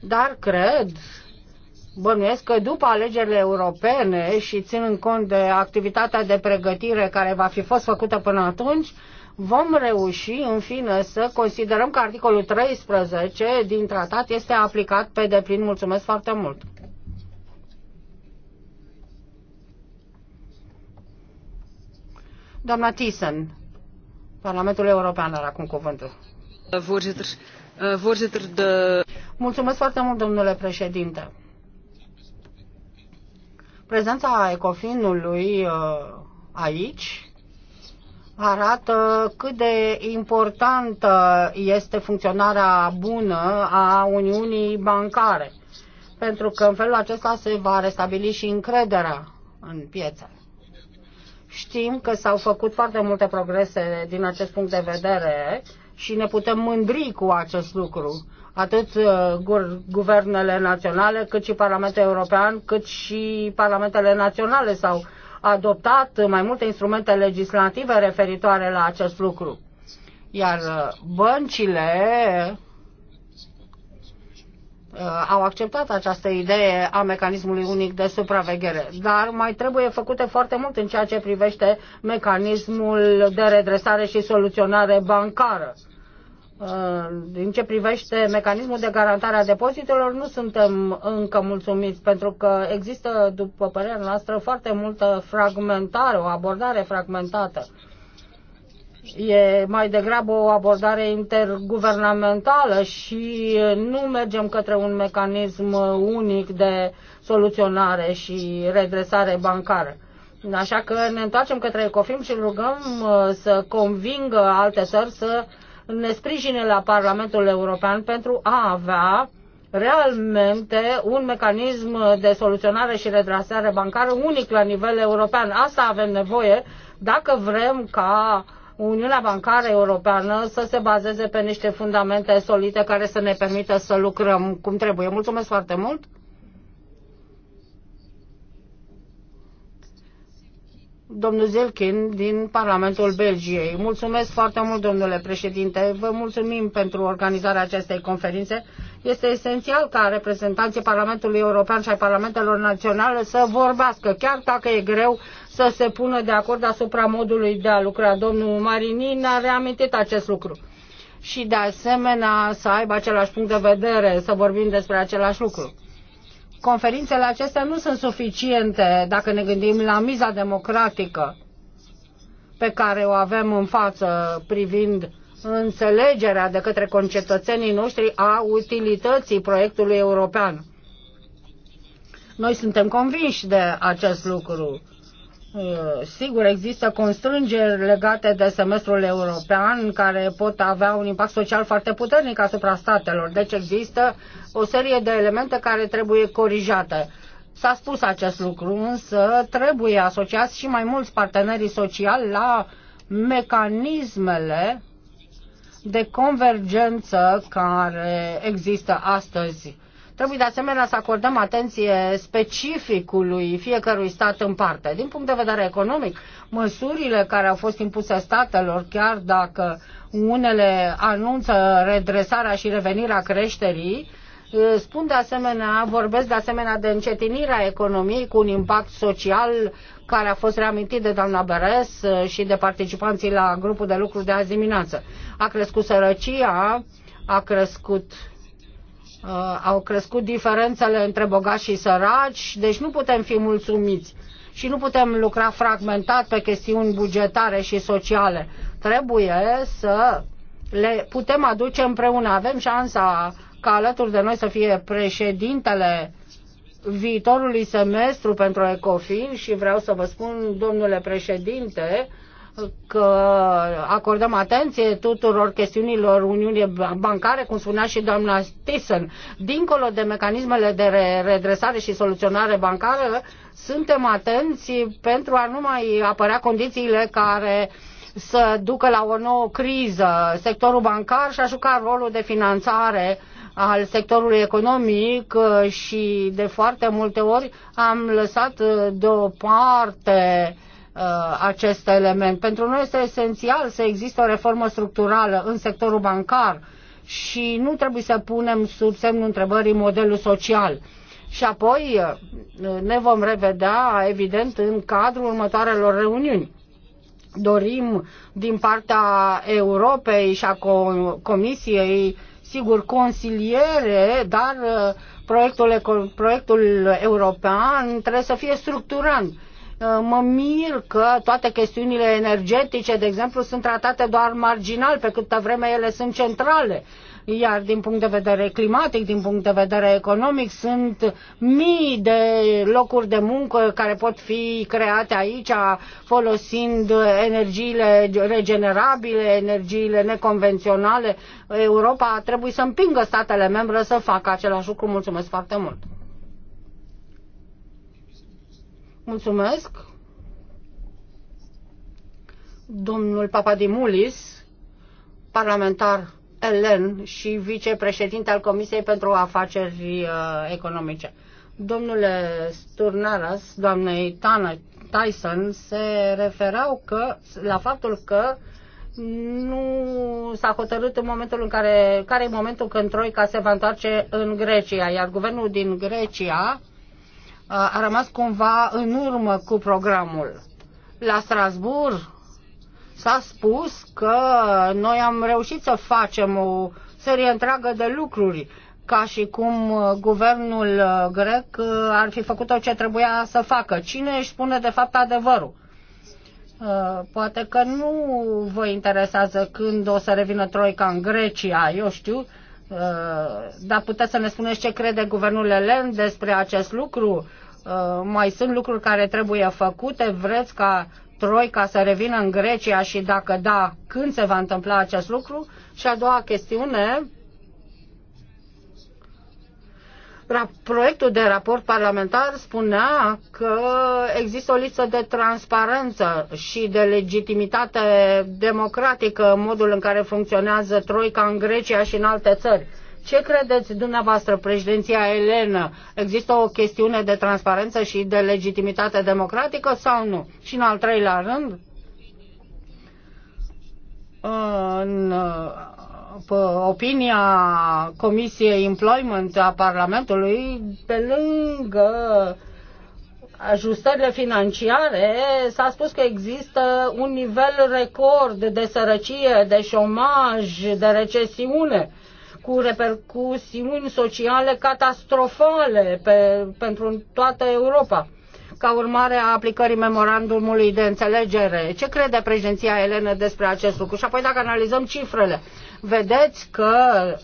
Dar cred, bănuiesc că după alegerile europene și ținând cont de activitatea de pregătire care va fi fost făcută până atunci, vom reuși, în fine, să considerăm că articolul 13 din tratat este aplicat pe deplin. Mulțumesc foarte mult! Doamna Thyssen, Parlamentul European are acum cuvântul. Eh, de... Mulțumesc foarte mult, domnule președinte. Prezența Ecofinului eh, aici arată cât de importantă este funcționarea bună a Uniunii Bancare, pentru că în felul acesta se va restabili și încrederea în piețe. Știm că s-au făcut foarte multe progrese din acest punct de vedere și ne putem mândri cu acest lucru, atât uh, guvernele naționale, cât și Parlamentul European, cât și parlamentele naționale sau. au adoptat mai multe instrumente legislative referitoare la acest lucru. Iar uh, băncile uh, au acceptat această idee a mecanismului unic de supraveghere, dar mai trebuie făcute foarte mult în ceea ce privește mecanismul de redresare și soluționare bancară. Din uh, ce privește mecanismul de garantare a depozitelor, nu suntem încă mulțumiți, pentru că există, după părerea noastră, foarte multă fragmentare, o abordare fragmentată. E mai degrabă o abordare interguvernamentală și nu mergem către un mecanism unic de soluționare și redresare bancară. Așa că ne întoarcem către Ecofim și rugăm uh, să convingă alte țări să ne sprijine la Parlamentul European pentru a avea realmente un mecanism de soluționare și redrasare bancară unic la nivel european. Asta avem nevoie dacă vrem ca Uniunea Bancară Europeană să se bazeze pe niște fundamente solide care să ne permită să lucrăm cum trebuie. Mulțumesc foarte mult! domnul Zelkin din Parlamentul Belgiei. Mulțumesc foarte mult, domnule președinte. Vă mulțumim pentru organizarea acestei conferințe. Este esențial ca reprezentanții Parlamentului European și ai Parlamentelor Naționale să vorbească, chiar dacă e greu să se pună de acord asupra modului de a lucra. Domnul Marinin a reamintit acest lucru. Și de asemenea să aibă același punct de vedere, să vorbim despre același lucru conferințele acestea nu sunt suficiente dacă ne gândim la miza democratică pe care o avem în față privind înțelegerea de către concetățenii noștri a utilității proiectului european. Noi suntem convinși de acest lucru Uh, sigur, există constrângeri legate de semestrul european care pot avea un impact social foarte puternic asupra statelor. Deci există o serie de elemente care trebuie corijate. S-a spus acest lucru, însă trebuie asociați și mai mulți partenerii sociali la mecanismele de convergență care există astăzi Trebuie de asemenea să acordăm atenție specificului fiecărui stat în parte. Din punct de vedere economic, măsurile care au fost impuse statelor, chiar dacă unele anunță redresarea și revenirea creșterii, eh, spun de asemenea, vorbesc de asemenea de încetinirea economiei cu un impact social care a fost reamintit de doamna Beres eh, și de participanții la grupul de lucru de azi dimineață. A crescut sărăcia, a crescut Uh, au crescut diferențele între bogați și săraci, deci nu putem fi mulțumiți și nu putem lucra fragmentat pe chestiuni bugetare și sociale. Trebuie să le putem aduce împreună. Avem șansa ca alături de noi să fie președintele viitorului semestru pentru ECOFIN și vreau să vă spun, domnule președinte, că acordăm atenție tuturor chestiunilor Uniunii Bancare, cum spunea și doamna Stison. Dincolo de mecanismele de redresare și soluționare bancară, suntem atenți pentru a nu mai apărea condițiile care să ducă la o nouă criză. Sectorul bancar și-a jucat rolul de finanțare al sectorului economic uh, și de foarte multe ori am lăsat uh, deoparte uh, Uh, acest element. Pentru noi este esențial să existe o reformă structurală în sectorul bancar și nu trebuie să punem sub semnul întrebării modelul social. Și apoi uh, ne vom revedea, evident, în cadrul următoarelor reuniuni. Dorim din partea Europei și a Comisiei, sigur, consiliere, dar uh, proiectul, proiectul european trebuie să fie structurant Mă mir că toate chestiunile energetice, de exemplu, sunt tratate doar marginal, pe câtă vreme ele sunt centrale iar din punct de vedere climatic, din punct de vedere economic, sunt mii de locuri de muncă care pot fi create aici folosind energiile regenerabile, energiile neconvenționale. Europa trebuie să împingă statele membre să facă același lucru. Mulțumesc foarte mult! Mulțumesc. Domnul Papadimulis, parlamentar elen și vicepreședinte al Comisiei pentru Afaceri uh, Economice. Domnule Sturnaras, doamnei Tana Tyson, se referau că, la faptul că nu s-a hotărât în momentul în care, care e momentul când Troica se va întoarce în Grecia, iar guvernul din Grecia a rămas cumva în urmă cu programul. La Strasbourg s-a spus că noi am reușit să facem o serie întreagă de lucruri, ca și cum uh, guvernul uh, grec uh, ar fi făcut tot ce trebuia să facă. Cine își spune de fapt adevărul? Poate că nu vă interesează când o să revină Troica în Grecia, eu știu, dar puteți să ne spuneți ce crede guvernul elen despre acest lucru? Uh, mai sunt lucruri care trebuie făcute, vreți ca Troica să revină în Grecia și dacă da, când se va întâmpla acest lucru? Și a doua chestiune, proiectul de raport parlamentar spunea că există o lipsă de transparență și de legitimitate democratică în modul în care funcționează Troica în Grecia și în alte țări. Ce credeți dumneavoastră, președinția elenă? Există o chestiune de transparență și de legitimitate democratică sau nu? Și în al treilea rând, în opinia Comisiei Employment a Parlamentului, pe lângă ajustările financiare, s-a spus că există un nivel record de sărăcie, de șomaj, de recesiune cu repercusiuni sociale catastrofale pe, pentru toată Europa ca urmare a aplicării memorandumului de înțelegere. Ce crede președinția Elenă despre acest lucru? Și apoi dacă analizăm cifrele, vedeți că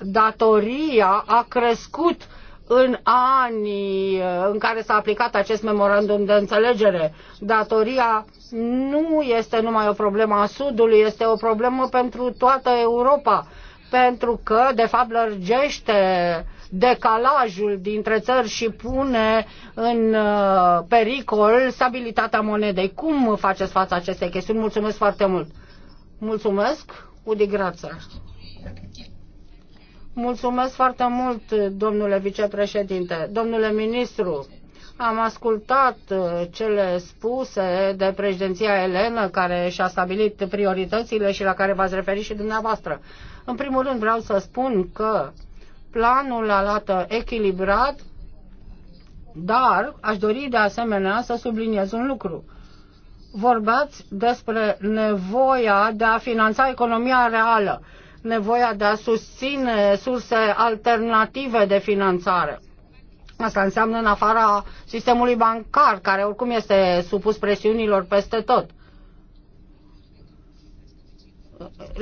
datoria a crescut în anii uh, în care s-a aplicat acest memorandum de înțelegere. Datoria nu este numai o problemă a Sudului, este o problemă pentru toată Europa pentru că, de fapt, lărgește decalajul dintre țări și pune în uh, pericol stabilitatea monedei. Cum faceți față acestei chestiuni? Mulțumesc foarte mult! Mulțumesc! Udi grață! Mulțumesc foarte mult, domnule vicepreședinte. Domnule ministru, am ascultat uh, cele spuse de președinția Elenă, care și-a stabilit prioritățile și la care v-ați referit și dumneavoastră. În primul rând vreau să spun că planul arată echilibrat, dar aș dori de asemenea să subliniez un lucru. Vorbeați despre nevoia de a finanța economia reală, nevoia de a susține surse alternative de finanțare. Asta înseamnă în afara sistemului bancar, care oricum este supus presiunilor peste tot.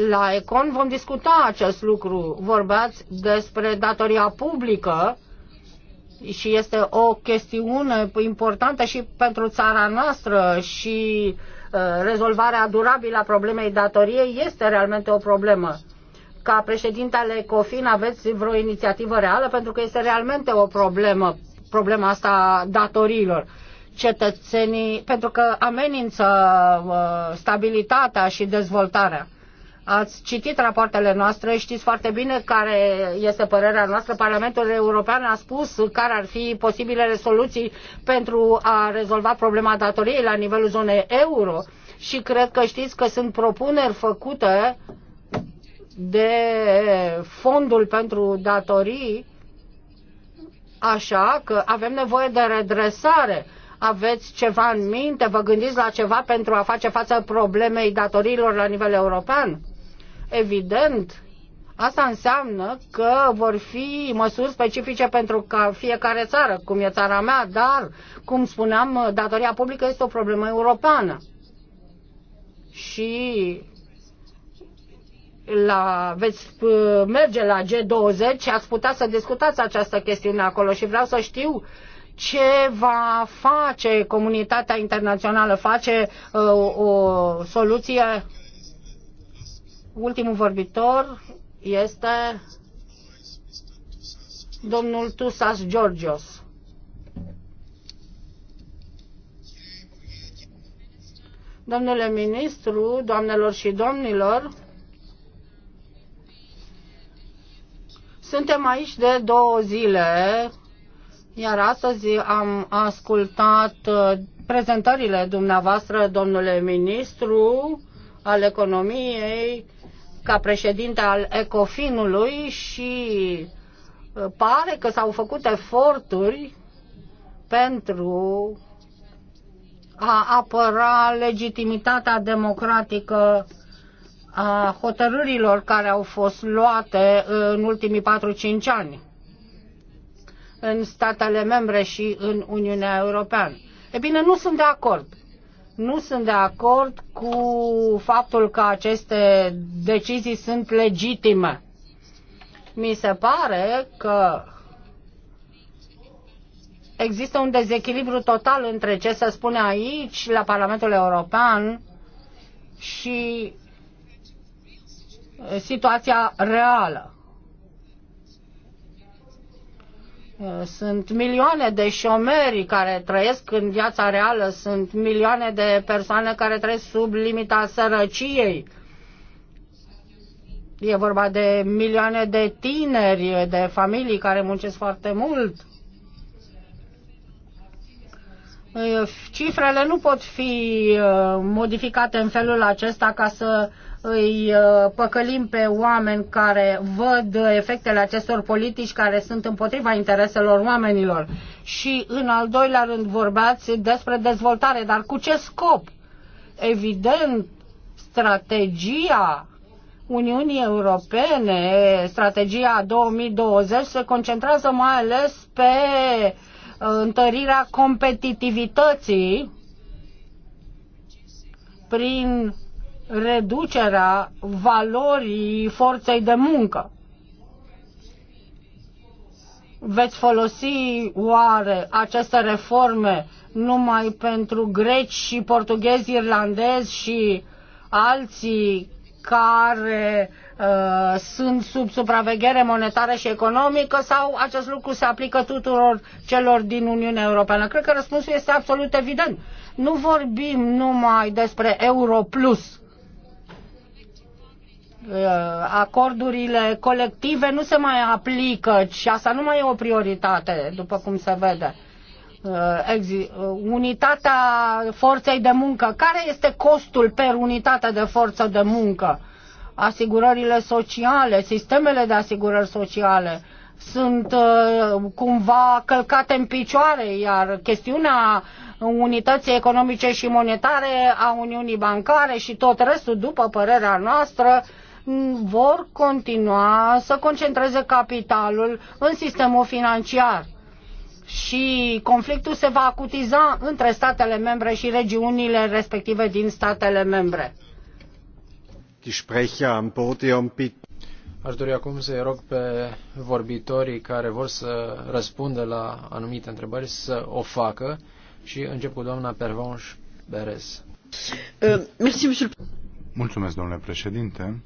la Econ vom discuta acest lucru. Vorbeați despre datoria publică și este o chestiune importantă și pentru țara noastră și uh, rezolvarea durabilă a problemei datoriei este realmente o problemă. Ca președinte ale COFIN aveți vreo inițiativă reală pentru că este realmente o problemă, problema asta a datoriilor cetățenii, pentru că amenință uh, stabilitatea și dezvoltarea. Ați citit rapoartele noastre, știți foarte bine care este părerea noastră. Parlamentul European a spus care ar fi posibilele soluții pentru a rezolva problema datoriei la nivelul zonei euro și cred că știți că sunt propuneri făcute de fondul pentru datorii, așa că avem nevoie de redresare aveți ceva în minte, vă gândiți la ceva pentru a face față problemei datoriilor la nivel european? evident, asta înseamnă că vor fi măsuri specifice pentru ca fiecare țară, cum e țara mea, dar, cum spuneam, datoria publică este o problemă europeană. Și la, veți uh, merge la G20 și ați putea să discutați această chestiune acolo și vreau să știu ce va face comunitatea internațională, face uh, o soluție Ultimul vorbitor este domnul Tusas Georgios. Domnule ministru, doamnelor și domnilor, suntem aici de două zile, iar astăzi am ascultat uh, prezentările dumneavoastră, domnule ministru, al economiei, ca președinte al Ecofinului și uh, pare că s-au făcut eforturi pentru a apăra legitimitatea democratică a hotărârilor care au fost luate uh, în ultimii 4-5 ani în statele membre și în Uniunea Europeană. E bine, nu sunt de acord. Nu sunt de acord cu faptul că aceste decizii sunt legitime. Mi se pare că există un dezechilibru total între ce se spune aici, la Parlamentul European, și situația reală. Uh, sunt milioane de șomeri care trăiesc în viața reală, sunt milioane de persoane care trăiesc sub limita sărăciei. E vorba de milioane de tineri, de familii care muncesc foarte mult. Uh, cifrele nu pot fi uh, modificate în felul acesta ca să uh, îi uh, păcălim pe oameni care văd efectele acestor politici care sunt împotriva intereselor oamenilor. Și în al doilea rând vorbeați despre dezvoltare, dar cu ce scop? Evident, strategia Uniunii Europene, strategia 2020 se concentrează mai ales pe uh, întărirea competitivității prin reducerea valorii forței de muncă. Veți folosi oare aceste reforme numai pentru greci și portughezi, irlandezi și alții care uh, sunt sub supraveghere monetară și economică sau acest lucru se aplică tuturor celor din Uniunea Europeană? Cred că răspunsul este absolut evident. Nu vorbim numai despre Euro Plus, Uh, acordurile colective nu se mai aplică și asta nu mai e o prioritate, după cum se vede. Uh, uh, unitatea forței de muncă. Care este costul per unitate de forță de muncă? Asigurările sociale, sistemele de asigurări sociale sunt cumva călcate în picioare, iar chestiunea unității economice și monetare a Uniunii Bancare și tot restul, după părerea noastră, vor continua să concentreze capitalul în sistemul financiar și conflictul se va acutiza între statele membre și regiunile respective din statele membre. Aș dori acum să-i rog pe vorbitorii care vor să răspundă la anumite întrebări să o facă și încep cu doamna Pervonș Berez. Uh, Mulțumesc, domnule președinte.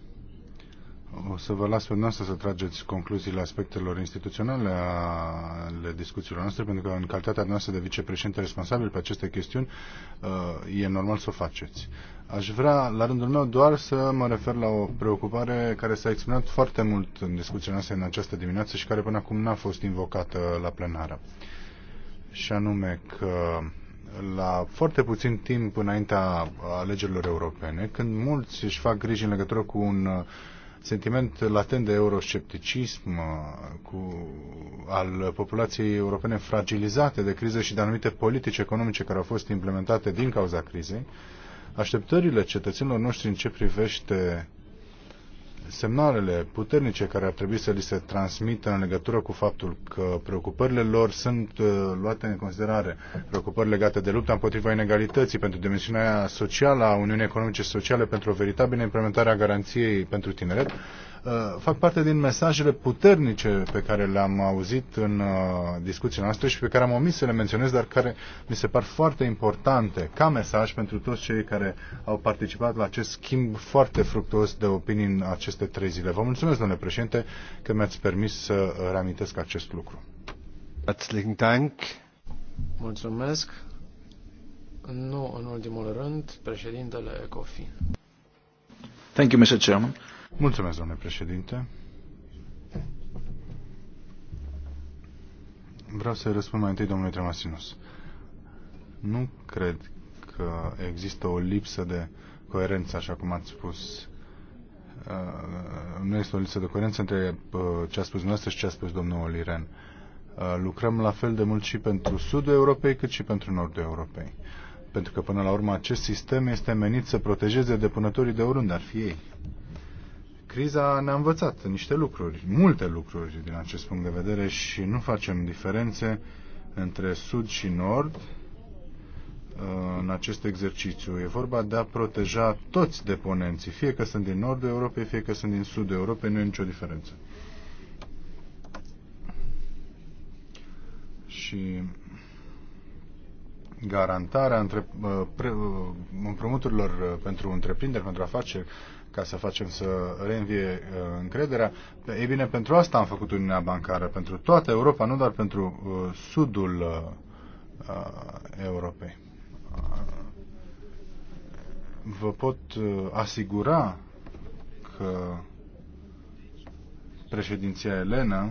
O să vă las pe noastră să trageți concluziile aspectelor instituționale ale discuțiilor noastre, pentru că în calitatea noastră de vicepreședinte responsabil pe aceste chestiuni, uh, e normal să o faceți. Aș vrea, la rândul meu, doar să mă refer la o preocupare care s-a exprimat foarte mult în discuțiile noastre în această dimineață și care până acum n-a fost invocată la plenară. Și anume că la foarte puțin timp înaintea alegerilor europene, când mulți își fac griji în legătură cu un sentiment latent de euroscepticism uh, cu, al populației europene fragilizate de criză și de anumite politici economice care au fost implementate din cauza crizei, așteptările cetățenilor noștri în ce privește semnalele puternice care ar trebui să li se transmită în legătură cu faptul că preocupările lor sunt uh, luate în considerare, preocupări legate de lupta împotriva inegalității, pentru dimensiunea socială a Uniunii Economice și Sociale, pentru o veritabilă implementare a garanției pentru tineret, uh, fac parte din mesajele puternice pe care le-am auzit în uh, discuția noastră și pe care am omis să le menționez, dar care mi se par foarte importante ca mesaj pentru toți cei care au participat la acest schimb foarte fructuos de opinii în acest peste trei zile. Vă mulțumesc, domnule președinte, că mi-ați permis să reamintesc acest lucru. Mulțumesc. Nu în ultimul rând, președintele Ecofin. Thank you, Mr. Chairman. Mulțumesc, domnule președinte. Vreau să răspund mai întâi domnului Tremasinus. Nu cred că există o lipsă de coerență, așa cum ați spus. Uh, nu este o lipsă de coerență între uh, ce a spus dumneavoastră și ce a spus domnul Oliren. Uh, lucrăm la fel de mult și pentru sudul Europei cât și pentru nordul Europei. Pentru că până la urmă acest sistem este menit să protejeze depunătorii de oriunde ar fi ei. Criza ne-a învățat niște lucruri, multe lucruri din acest punct de vedere și nu facem diferențe între sud și nord, în acest exercițiu. E vorba de a proteja toți deponenții, fie că sunt din nordul Europei, fie că sunt din sudul Europei, nu e nicio diferență. Și garantarea între, uh, uh, împrumuturilor uh, pentru întreprinderi, pentru afaceri, ca să facem să reînvie încrederea. Ei bine, pentru asta am făcut Uniunea Bancară, pentru toată Europa, nu doar pentru sudul Europei vă pot uh, asigura că președinția Elena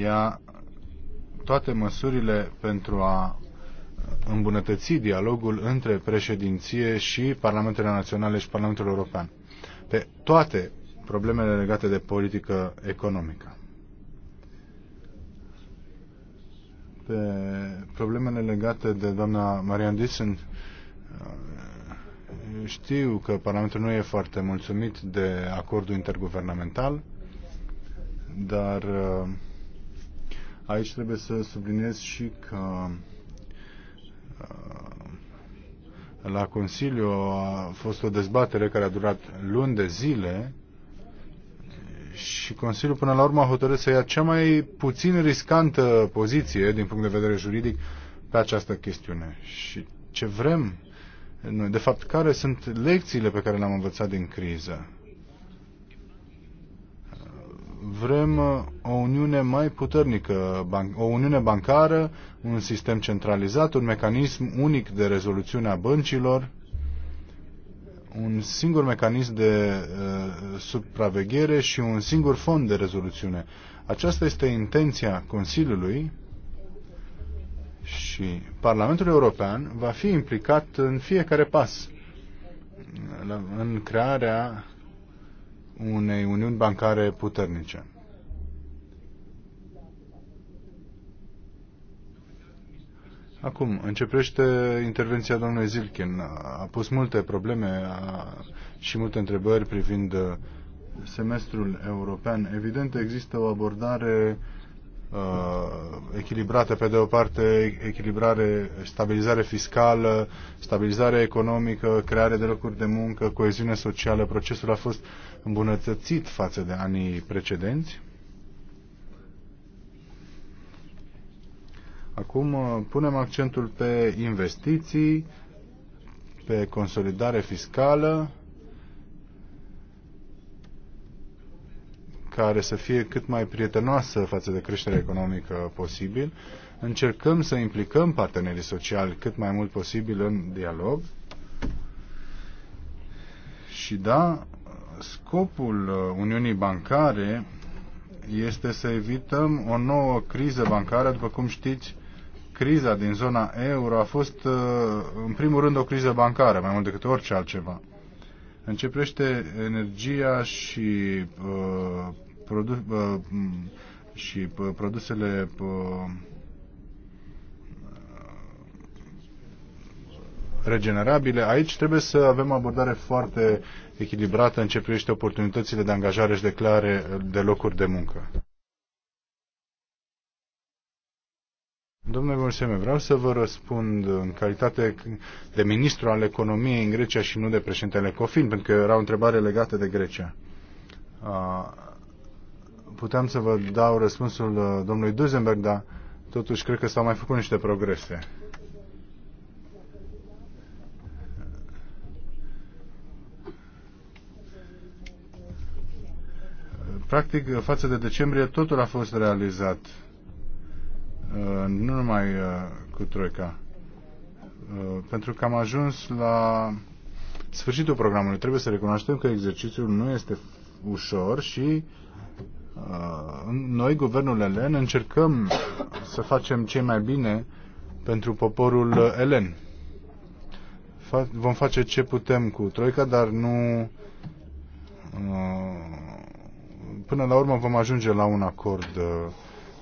ia toate măsurile pentru a îmbunătăți dialogul între președinție și Parlamentele Naționale și Parlamentul European pe toate problemele legate de politică economică. pe problemele legate de doamna Marian Dyson. Știu că Parlamentul nu e foarte mulțumit de acordul interguvernamental, dar aici trebuie să subliniez și că la Consiliu a fost o dezbatere care a durat luni de zile și Consiliul până la urmă a hotărât să ia cea mai puțin riscantă poziție din punct de vedere juridic pe această chestiune. Și ce vrem noi, de fapt, care sunt lecțiile pe care le-am învățat din criză? Vrem o uniune mai puternică, o uniune bancară, un sistem centralizat, un mecanism unic de rezoluțiune a băncilor, un singur mecanism de uh, supraveghere și un singur fond de rezoluțiune. Aceasta este intenția Consiliului și Parlamentul European va fi implicat în fiecare pas în crearea unei uniuni bancare puternice. Acum, începește intervenția domnului Zilkin. A pus multe probleme și multe întrebări privind uh, semestrul european. Evident, există o abordare uh, echilibrată pe de o parte, echilibrare, stabilizare fiscală, stabilizare economică, creare de locuri de muncă, coeziune socială. Procesul a fost îmbunătățit față de anii precedenți Acum uh, punem accentul pe investiții, pe consolidare fiscală, care să fie cât mai prietenoasă față de creșterea economică posibil. Încercăm să implicăm partenerii sociali cât mai mult posibil în dialog. Și da, scopul uh, Uniunii Bancare este să evităm o nouă criză bancară, după cum știți, criza din zona euro a fost, uh, în primul rând, o criză bancară, mai mult decât orice altceva. Începește energia și, uh, produ- uh, și uh, produsele uh, regenerabile. Aici trebuie să avem abordare foarte echilibrată în ce privește oportunitățile de angajare și de clare de locuri de muncă. Domnule Bolseme, vreau să vă răspund în calitate de ministru al economiei în Grecia și nu de președintele COFIN, pentru că era o întrebare legată de Grecia. Puteam să vă dau răspunsul uh, domnului Duzenberg, dar totuși cred că s-au mai făcut niște progrese. Practic, față de decembrie, totul a fost realizat Uh, nu numai uh, cu Troica, uh, pentru că am ajuns la sfârșitul programului. Trebuie să recunoaștem că exercițiul nu este ușor și noi, guvernul elen, încercăm să facem cei mai bine pentru poporul elen. Vom face ce putem cu Troica, dar nu. Până la urmă vom ajunge la un acord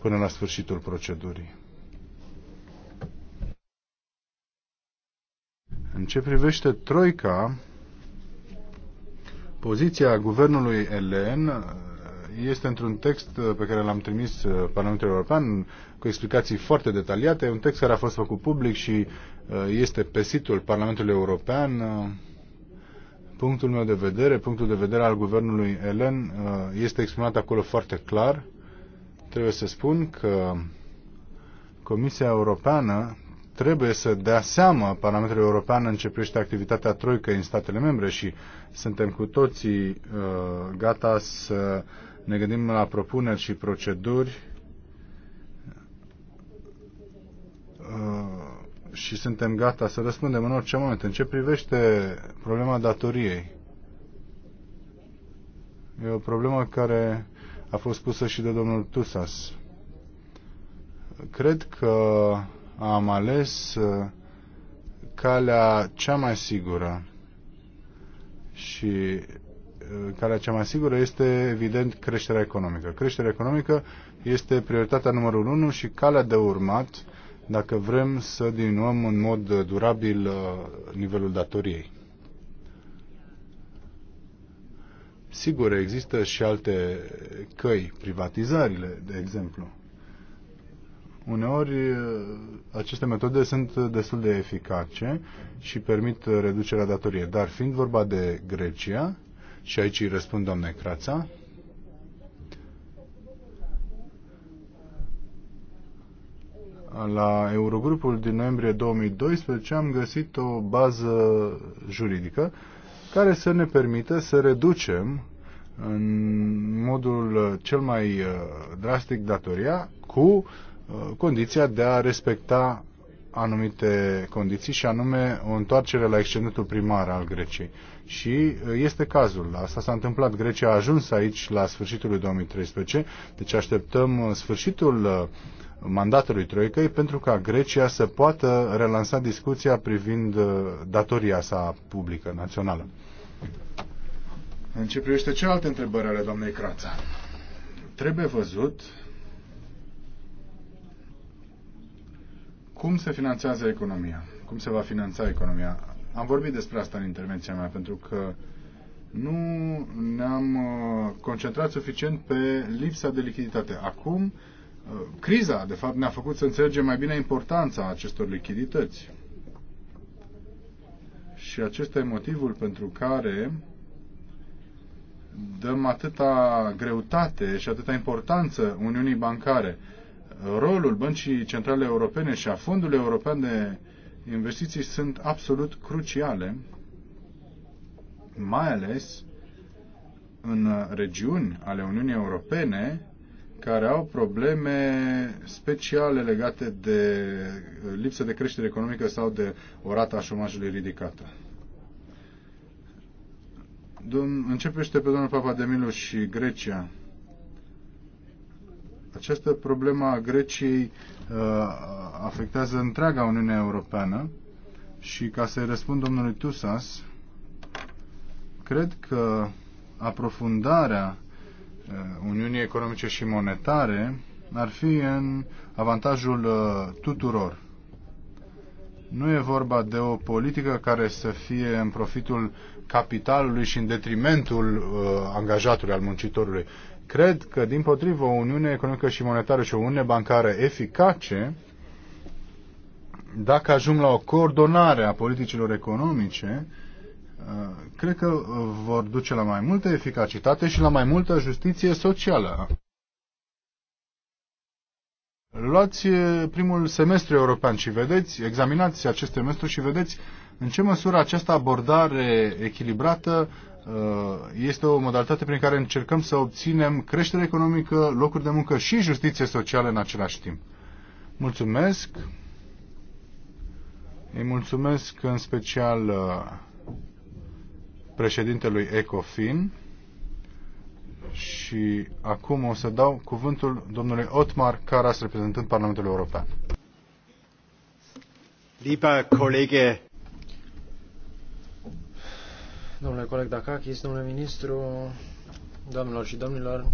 până la sfârșitul procedurii. În ce privește Troica, poziția guvernului elen uh, este într-un text uh, pe care l-am trimis uh, Parlamentului European cu explicații foarte detaliate, un text care a fost făcut public și este pe situl Parlamentului European. Punctul meu de vedere, punctul de vedere al guvernului elen este exprimat acolo foarte clar trebuie să spun că Comisia Europeană trebuie să dea seama Parlamentul European în ce privește activitatea troică în statele membre și suntem cu toții uh, gata să ne gândim la propuneri și proceduri uh, și suntem gata să răspundem în orice moment. În ce privește problema datoriei? E o problemă care a fost pusă și de domnul Tusas. Cred că am ales uh, calea cea mai sigură și uh, calea cea mai sigură este, evident, creșterea economică. Creșterea economică este prioritatea numărul 1 și calea de urmat dacă vrem să diminuăm în mod durabil uh, nivelul datoriei. Sigur, există și alte căi, privatizările, de exemplu. Uneori, aceste metode sunt destul de eficace și permit reducerea datoriei. Dar fiind vorba de Grecia, și aici îi răspund doamne Crața, la Eurogrupul din noiembrie 2012 am găsit o bază juridică care să ne permită să reducem în modul uh, cel mai uh, drastic datoria cu uh, condiția de a respecta anumite condiții și anume o întoarcere la excedentul primar al Greciei. Și este cazul. Asta s-a întâmplat. Grecia a ajuns aici la sfârșitul lui 2013, deci așteptăm sfârșitul mandatului Troicăi pentru ca Grecia să poată relansa discuția privind uh, datoria sa publică națională. În ce privește celelalte întrebări ale doamnei Crața, trebuie văzut cum se finanțează economia, cum se va finanța economia. Am vorbit despre asta în intervenția mea, pentru că nu ne-am uh, concentrat suficient pe lipsa de lichiditate. Acum, criza, de fapt, ne-a făcut să înțelegem mai bine importanța acestor lichidități. Și acesta e motivul pentru care dăm atâta greutate și atâta importanță Uniunii Bancare. Rolul Băncii Centrale Europene și a Fondului European de Investiții sunt absolut cruciale, mai ales în regiuni ale Uniunii Europene care au probleme speciale legate de uh, lipsă de creștere economică sau de o rată a șomajului ridicată. Începește pe domnul Milu și Grecia. Această problemă a Greciei uh, afectează întreaga Uniune Europeană și ca să-i răspund domnului Tusas, cred că aprofundarea Uh, Uniunii Economice și Monetare ar fi în avantajul uh, tuturor. Nu e vorba de o politică care să fie în profitul capitalului și în detrimentul uh, angajatului, al muncitorului. Cred că, din potrivă, o Uniune Economică și Monetară și o Uniune Bancară eficace, dacă ajung la o coordonare a politicilor economice, uh, Eh, cred că eh, vor duce la mai multă eficacitate și la mai multă justiție socială. Luați eh, primul semestru european și vedeți, examinați acest semestru și vedeți în ce măsură această abordare echilibrată este o modalitate prin care încercăm să obținem creștere economică, locuri de muncă și justiție socială în același timp. Mulțumesc! Îi mulțumesc în special președintelui ECOFIN și acum o să dau cuvântul domnului Otmar Caras, reprezentând Parlamentul European. Liba colegă, domnule coleg Dakakis, domnule ministru, doamnelor și domnilor,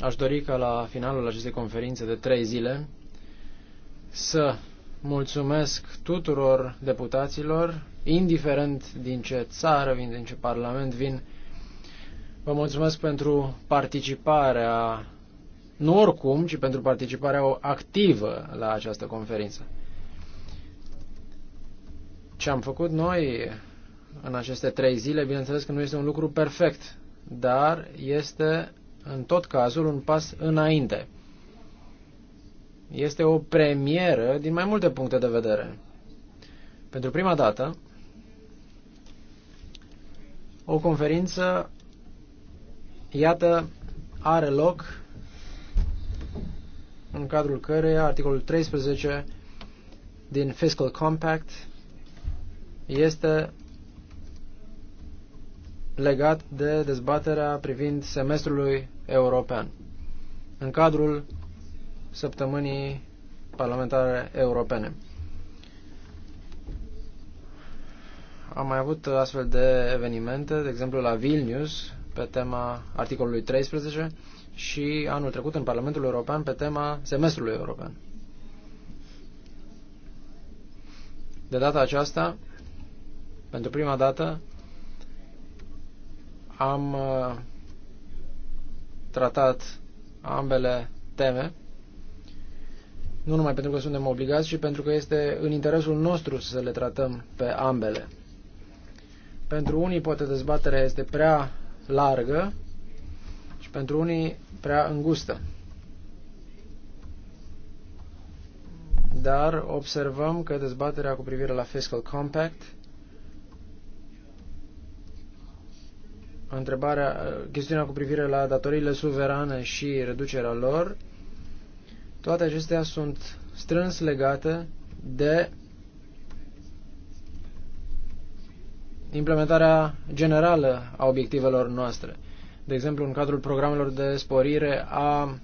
aș dori ca la finalul acestei conferințe de trei zile să Mulțumesc tuturor deputaților, indiferent din ce țară vin, din ce parlament vin. Vă mulțumesc pentru participarea, nu oricum, ci pentru participarea activă la această conferință. Ce am făcut noi în aceste trei zile, bineînțeles că nu este un lucru perfect, dar este în tot cazul un pas înainte este o premieră din mai multe puncte de vedere. Pentru prima dată, o conferință, iată, are loc în cadrul căreia articolul 13 din Fiscal Compact este legat de dezbaterea privind semestrului european. În cadrul săptămânii parlamentare europene. Am mai avut astfel de evenimente, de exemplu la Vilnius, pe tema articolului 13 și anul trecut în Parlamentul European pe tema semestrului european. De data aceasta, pentru prima dată, am uh, tratat ambele teme nu numai pentru că suntem obligați, ci pentru că este în interesul nostru să le tratăm pe ambele. Pentru unii poate dezbaterea este prea largă și pentru unii prea îngustă. Dar observăm că dezbaterea cu privire la Fiscal Compact întrebarea, chestiunea cu privire la datoriile suverane și reducerea lor toate acestea sunt strâns legate de implementarea generală a obiectivelor noastre. De exemplu, în cadrul programelor de sporire a,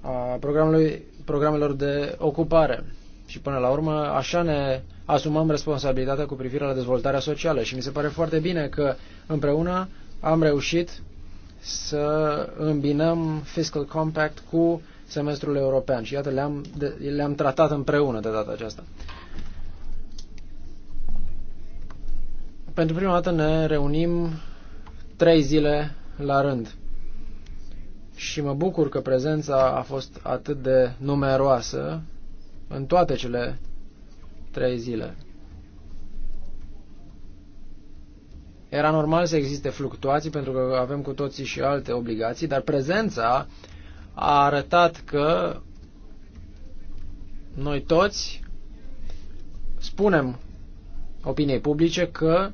a programului, programelor de ocupare. Și până la urmă, așa ne asumăm responsabilitatea cu privire la dezvoltarea socială. Și mi se pare foarte bine că împreună am reușit să îmbinăm Fiscal Compact cu semestrul european și iată le-am, le-am tratat împreună de data aceasta. Pentru prima dată ne reunim trei zile la rând și mă bucur că prezența a fost atât de numeroasă în toate cele trei zile. Era normal să existe fluctuații pentru că avem cu toții și alte obligații, dar prezența a arătat că noi toți spunem opiniei publice că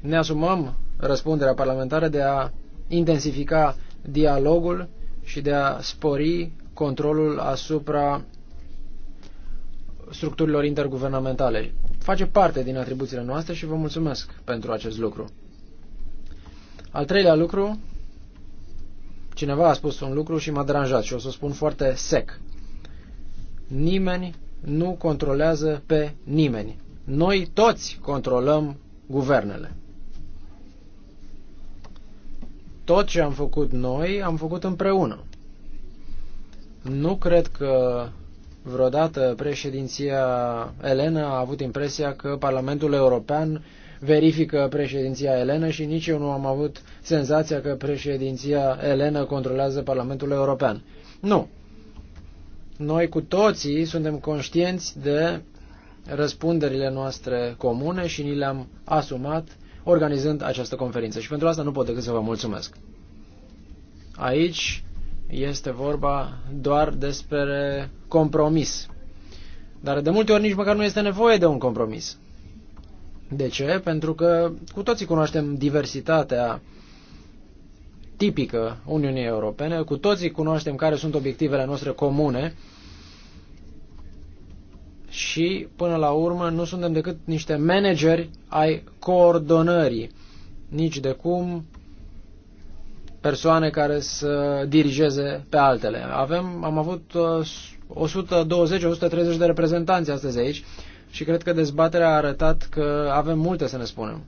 ne asumăm răspunderea parlamentară de a intensifica dialogul și de a spori controlul asupra structurilor interguvernamentale face parte din atribuțiile noastre și vă mulțumesc pentru acest lucru. Al treilea lucru, cineva a spus un lucru și m-a deranjat și o să spun foarte sec. Nimeni nu controlează pe nimeni. Noi toți controlăm guvernele. Tot ce am făcut noi, am făcut împreună. Nu cred că Vreodată președinția Elena a avut impresia că Parlamentul European verifică președinția Elena și nici eu nu am avut senzația că președinția Elena controlează Parlamentul European. Nu. Noi cu toții suntem conștienți de răspunderile noastre comune și ni le-am asumat organizând această conferință. Și pentru asta nu pot decât să vă mulțumesc. Aici este vorba doar despre compromis. Dar de multe ori nici măcar nu este nevoie de un compromis. De ce? Pentru că cu toții cunoaștem diversitatea tipică Uniunii Europene, cu toții cunoaștem care sunt obiectivele noastre comune și, până la urmă, nu suntem decât niște manageri ai coordonării, nici de cum persoane care să dirigeze pe altele. Avem, am avut 120-130 uh, de reprezentanți astăzi aici și cred că dezbaterea a arătat că avem multe să ne spunem.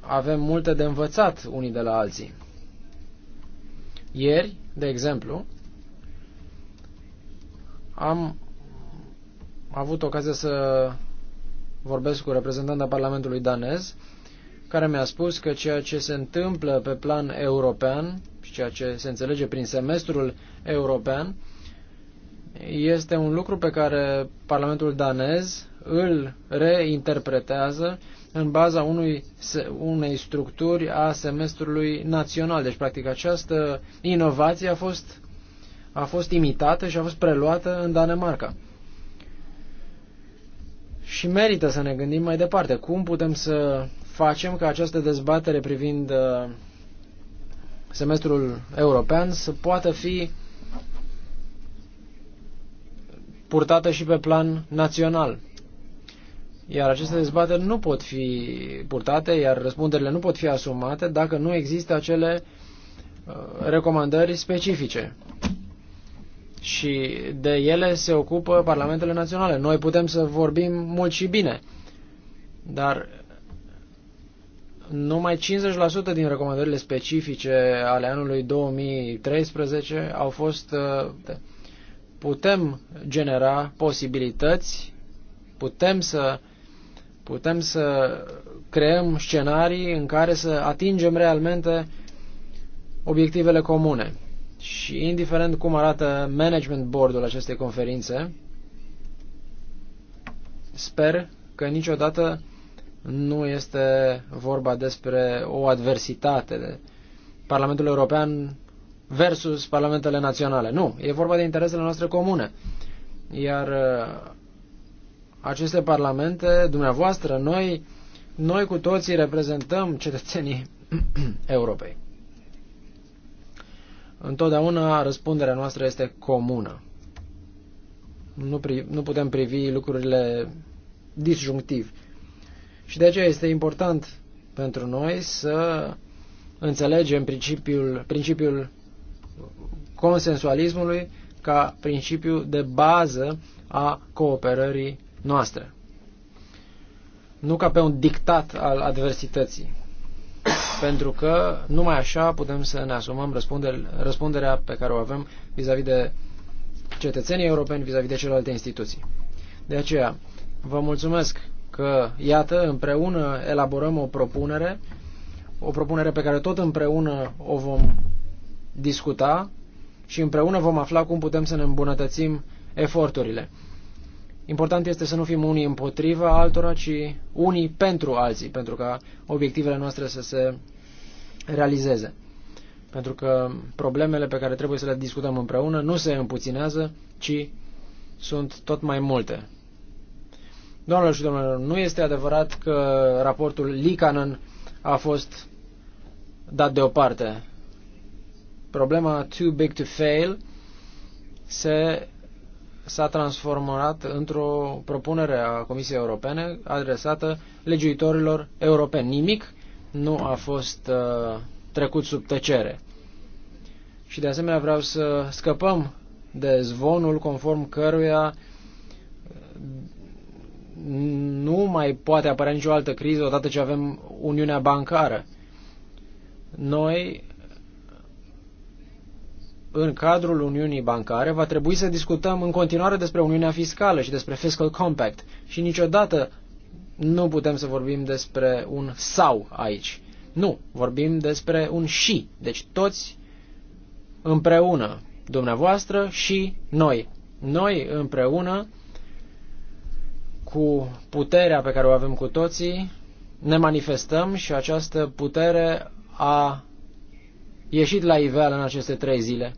Avem multe de învățat unii de la alții. Ieri, de exemplu, am avut ocazia să vorbesc cu reprezentanta Parlamentului danez care mi-a spus că ceea ce se întâmplă pe plan european și ceea ce se înțelege prin semestrul european este un lucru pe care Parlamentul danez îl reinterpretează în baza unui, unei structuri a semestrului național. Deci, practic, această inovație a fost, a fost imitată și a fost preluată în Danemarca. Și merită să ne gândim mai departe. Cum putem să facem ca această dezbatere privind uh, semestrul european să poată fi purtată și pe plan național. Iar aceste dezbateri nu pot fi purtate, iar răspunderile nu pot fi asumate dacă nu există acele uh, recomandări specifice. Și de ele se ocupă parlamentele naționale. Noi putem să vorbim mult și bine, dar numai 50% din recomandările specifice ale anului 2013 au fost. Uh, putem genera posibilități, putem să, putem să creăm scenarii în care să atingem realmente obiectivele comune. Și indiferent cum arată management boardul acestei conferințe, sper că niciodată nu este vorba despre o adversitate de Parlamentul European versus Parlamentele Naționale. Nu, e vorba de interesele noastre comune. Iar uh, aceste parlamente, dumneavoastră, noi, noi cu toții reprezentăm cetățenii Europei. Întotdeauna răspunderea noastră este comună. Nu, pri, nu putem privi lucrurile disjunctiv. Și de aceea este important pentru noi să înțelegem principiul, principiul consensualismului ca principiu de bază a cooperării noastre. Nu ca pe un dictat al adversității. Pentru că numai așa putem să ne asumăm răspunderea pe care o avem vis-a-vis -vis de cetățenii europeni, vis-a-vis -vis de celelalte instituții. De aceea, vă mulțumesc că, iată, împreună elaborăm o propunere, o propunere pe care tot împreună o vom discuta și împreună vom afla cum putem să ne îmbunătățim eforturile. Important este să nu fim unii împotriva altora, ci unii pentru alții, pentru ca obiectivele noastre să se realizeze. Pentru că problemele pe care trebuie să le discutăm împreună nu se împuținează, ci sunt tot mai multe. Doamnelor și domnilor, nu este adevărat că raportul Licanen a fost dat deoparte. Problema too big to fail se s-a transformat într-o propunere a Comisiei Europene adresată legiuitorilor europeni. Nimic nu a fost uh, trecut sub tăcere. Și de asemenea vreau să scăpăm de zvonul conform căruia nu mai poate apărea nicio altă criză odată ce avem Uniunea Bancară. Noi, în cadrul Uniunii Bancare, va trebui să discutăm în continuare despre Uniunea Fiscală și despre Fiscal Compact și niciodată nu putem să vorbim despre un sau aici. Nu, vorbim despre un și. Deci toți împreună, dumneavoastră și noi. Noi împreună cu puterea pe care o avem cu toții, ne manifestăm și această putere a ieșit la iveală în aceste trei zile.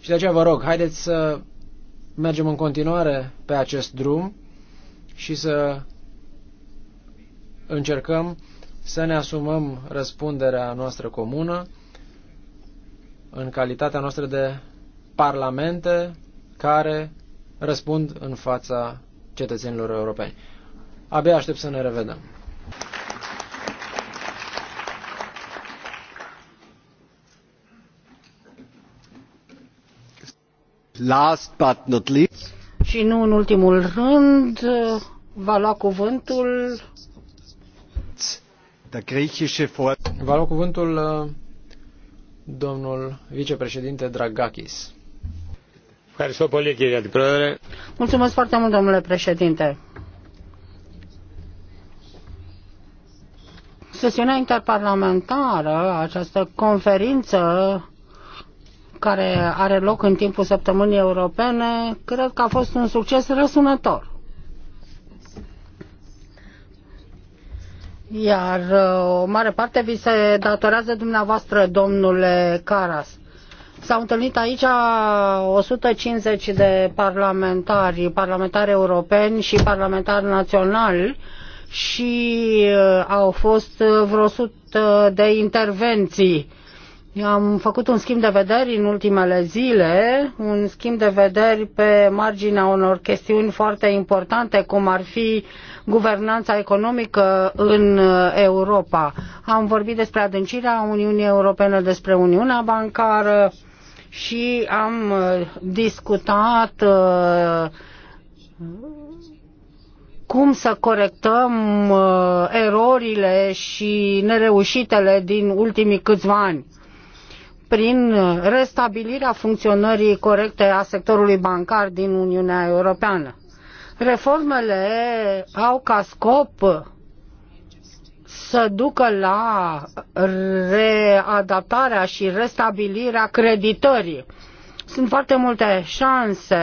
Și de aceea vă rog, haideți să mergem în continuare pe acest drum și să încercăm să ne asumăm răspunderea noastră comună în calitatea noastră de parlamente care răspund în fața cetățenilor europeni. Abia aștept să ne revedem. Last but not least. Și nu în ultimul rând, va lua cuvântul Va lua cuvântul uh, domnul vicepreședinte Dragakis. Mulțumesc foarte mult, domnule președinte. Sesiunea interparlamentară, această conferință care are loc în timpul săptămânii europene, cred că a fost un succes răsunător. Iar uh, o mare parte vi se datorează dumneavoastră, domnule Caras S-au întâlnit aici 150 de parlamentari, parlamentari europeni și parlamentari naționali și uh, au fost vreo 100 de intervenții. Am făcut un schimb de vederi în ultimele zile, un schimb de vederi pe marginea unor chestiuni foarte importante, cum ar fi guvernanța economică în uh, Europa. Am vorbit despre adâncirea Uniunii Europene, despre Uniunea Bancară, și am uh, discutat uh, cum să corectăm uh, erorile și nereușitele din ultimii câțiva ani prin restabilirea funcționării corecte a sectorului bancar din Uniunea Europeană. Reformele au ca scop să ducă la readaptarea și restabilirea creditării. Sunt foarte multe șanse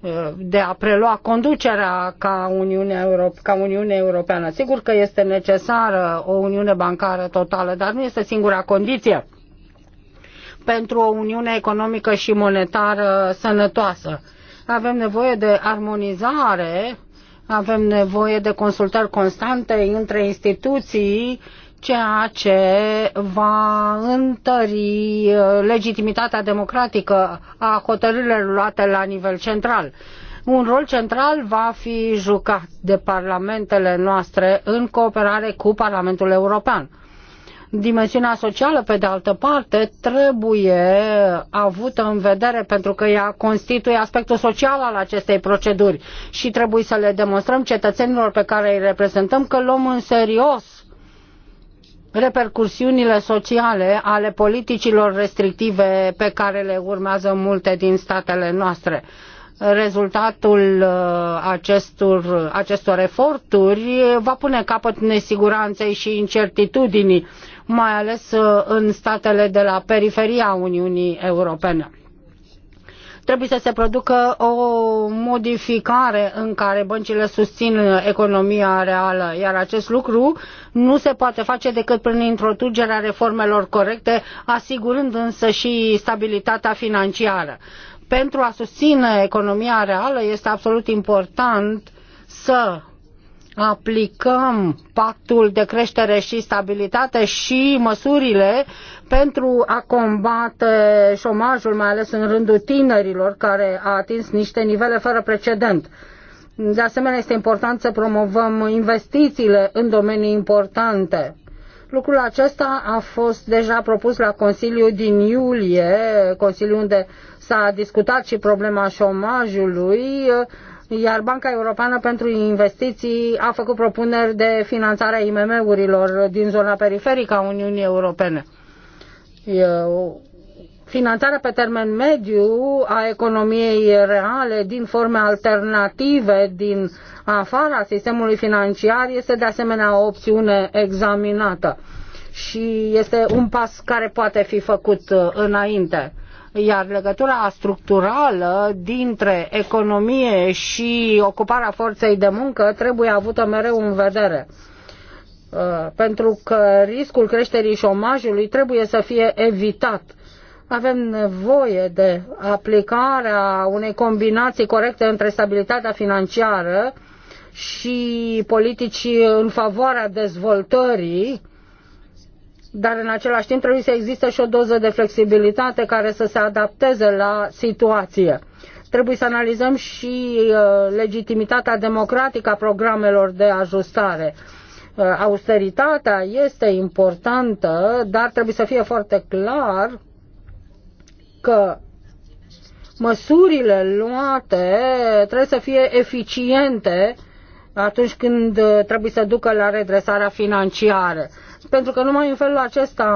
eh, de a prelua conducerea ca Uniune Europe, ca Uniunea Europeană. Sigur că este necesară o Uniune bancară totală, dar nu este singura condiție pentru o Uniune economică și monetară sănătoasă. Avem nevoie de armonizare avem nevoie de consultări constante între instituții, ceea ce va întări uh, legitimitatea democratică a hotărârilor luate la nivel central. Un rol central va fi jucat de parlamentele noastre în cooperare cu Parlamentul European Dimensiunea socială, pe de altă parte, trebuie avută în vedere pentru că ea constituie aspectul social al acestei proceduri și trebuie să le demonstrăm cetățenilor pe care îi reprezentăm că luăm în serios repercursiunile sociale ale politicilor restrictive pe care le urmează multe din statele noastre rezultatul uh, acestor, acestor eforturi va pune capăt nesiguranței și incertitudinii mai ales uh, în statele de la periferia Uniunii Europene. Trebuie să se producă o modificare în care băncile susțin economia reală, iar acest lucru nu se poate face decât prin introducerea reformelor corecte, asigurând însă și stabilitatea financiară. Pentru a susține economia reală este absolut important să aplicăm pactul de creștere și stabilitate și măsurile pentru a combate șomajul, mai ales în rândul tinerilor, care a atins niște nivele fără precedent. De asemenea, este important să promovăm investițiile în domenii importante. Lucrul acesta a fost deja propus la Consiliu din iulie, Consiliu unde s-a discutat și problema șomajului, iar Banca Europeană pentru Investiții a făcut propuneri de finanțare a IMM-urilor din zona periferică a Uniunii Europene. Eu finanțarea pe termen mediu a economiei reale din forme alternative din afara sistemului financiar este de asemenea o opțiune examinată și este un pas care poate fi făcut uh, înainte iar legătura structurală dintre economie și ocuparea forței de muncă trebuie avută mereu în vedere. Uh, pentru că riscul creșterii șomajului trebuie să fie evitat. Avem nevoie de aplicarea unei combinații corecte între stabilitatea financiară și politici în favoarea dezvoltării dar în același timp trebuie să existe și o doză de flexibilitate care să se adapteze la situație. Trebuie să analizăm și uh, legitimitatea democratică a programelor de ajustare. Uh, austeritatea este importantă, dar trebuie să fie foarte clar că măsurile luate trebuie să fie eficiente atunci când uh, trebuie să ducă la redresarea financiară pentru că numai în felul acesta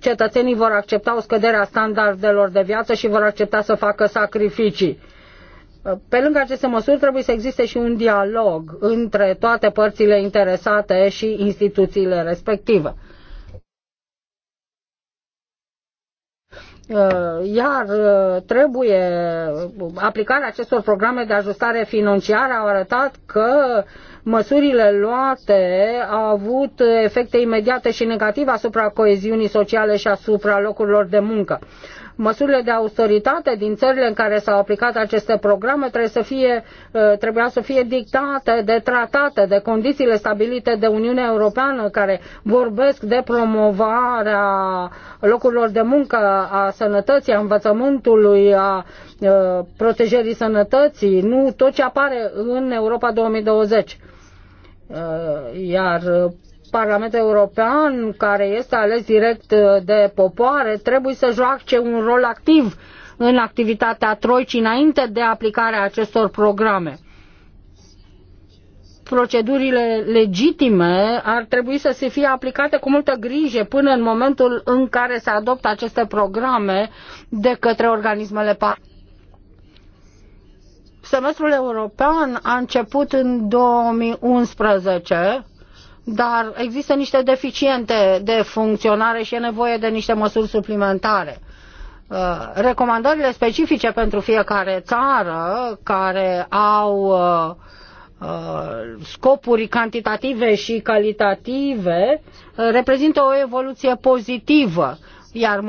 cetățenii vor accepta o scădere a standardelor de viață și vor accepta să facă sacrificii. Pe lângă aceste măsuri trebuie să existe și un dialog între toate părțile interesate și instituțiile respective. Uh, iar uh, trebuie uh, aplicarea acestor programe de ajustare financiară a arătat că măsurile luate au avut efecte imediate și negative asupra coeziunii sociale și asupra locurilor de muncă. Măsurile de austeritate din țările în care s-au aplicat aceste programe trebuie să fie, uh, trebuia să fie dictate de tratate, de condițiile stabilite de Uniunea Europeană care vorbesc de promovarea locurilor de muncă, a sănătății, a învățământului, a uh, protejării sănătății, nu tot ce apare în Europa 2020. Uh, iar uh, Parlamentul European, care este ales direct uh, de popoare, trebuie să joace un rol activ în activitatea Troicii înainte de aplicarea acestor programe. Procedurile legitime ar trebui să se fie aplicate cu multă grijă până în momentul în care se adoptă aceste programe de către organismele parlamentare Semestrul european a început în 2011, dar există niște deficiente de funcționare și e nevoie de niște măsuri suplimentare. Uh, recomandările specifice pentru fiecare țară care au uh, uh, scopuri cantitative și calitative reprezintă o evoluție pozitivă, iar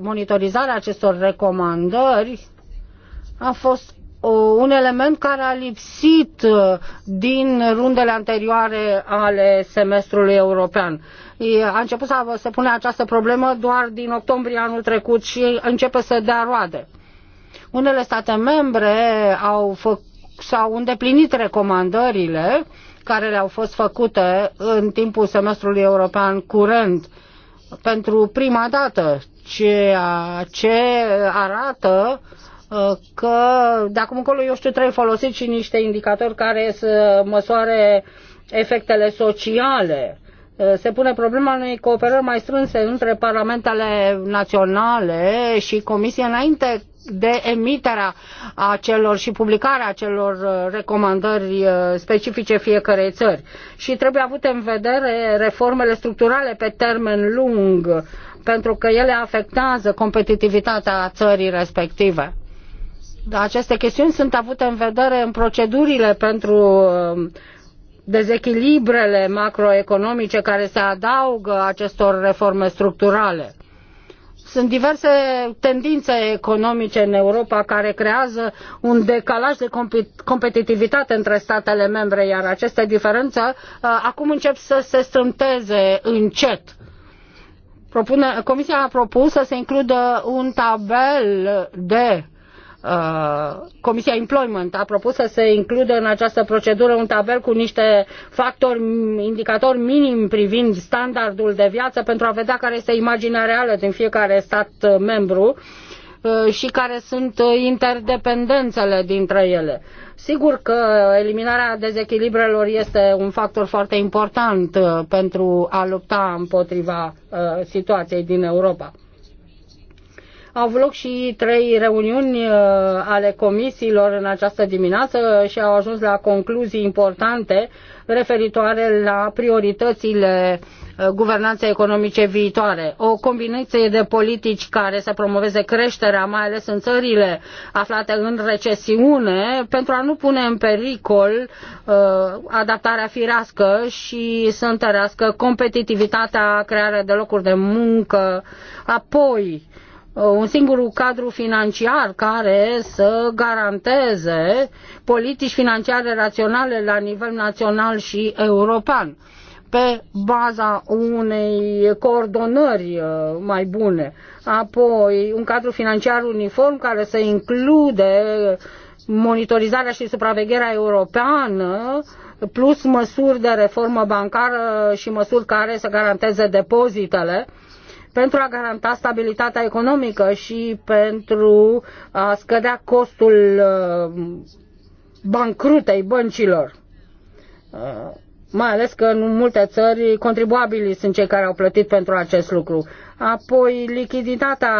monitorizarea acestor recomandări a fost un element care a lipsit uh, din rundele anterioare ale semestrului european. A început să se pune această problemă doar din octombrie anul trecut și începe să dea roade. Unele state membre au s-au îndeplinit recomandările care le-au fost făcute în timpul semestrului european curent pentru prima dată, ceea ce arată uh, că de acum încolo, eu știu, trebuie folosit și niște indicatori care să măsoare efectele sociale. Se pune problema unei cooperări mai strânse între parlamentele naționale și Comisia înainte de emiterea acelor și publicarea acelor recomandări uh, specifice fiecărei țări. Și trebuie avute în vedere reformele structurale pe termen lung, pentru că ele afectează competitivitatea țării respective. Da, aceste chestiuni sunt avute în vedere în procedurile pentru um, dezechilibrele macroeconomice care se adaugă acestor reforme structurale. Sunt diverse tendințe economice în Europa care creează un decalaj de competitivitate între statele membre, iar aceste diferențe uh, acum încep să se strânteze încet. Propune, Comisia a propus să se includă un tabel de Uh, Comisia Employment a propus să se includă în această procedură un tabel cu niște factori, indicatori minim privind standardul de viață pentru a vedea care este imaginea reală din fiecare stat membru uh, și care sunt interdependențele dintre ele. Sigur că eliminarea dezechilibrelor este un factor foarte important uh, pentru a lupta împotriva situației din Europa. Au avut loc și trei reuniuni uh, ale comisiilor în această dimineață și au ajuns la concluzii importante referitoare la prioritățile uh, guvernanței economice viitoare. O combinație de politici care să promoveze creșterea, mai ales în țările aflate în recesiune, pentru a nu pune în pericol uh, adaptarea firească și să întărească competitivitatea, crearea de locuri de muncă, apoi uh, Uh, un singur cadru financiar care să garanteze politici financiare raționale la nivel național și european pe baza unei coordonări uh, mai bune. Apoi, un cadru financiar uniform care să include monitorizarea și supravegherea europeană, plus măsuri de reformă bancară și măsuri care să garanteze depozitele pentru a garanta stabilitatea economică și pentru a scădea costul uh, bancrutei băncilor. Uh, mai ales că în multe țări contribuabilii sunt cei care au plătit pentru acest lucru apoi lichiditatea,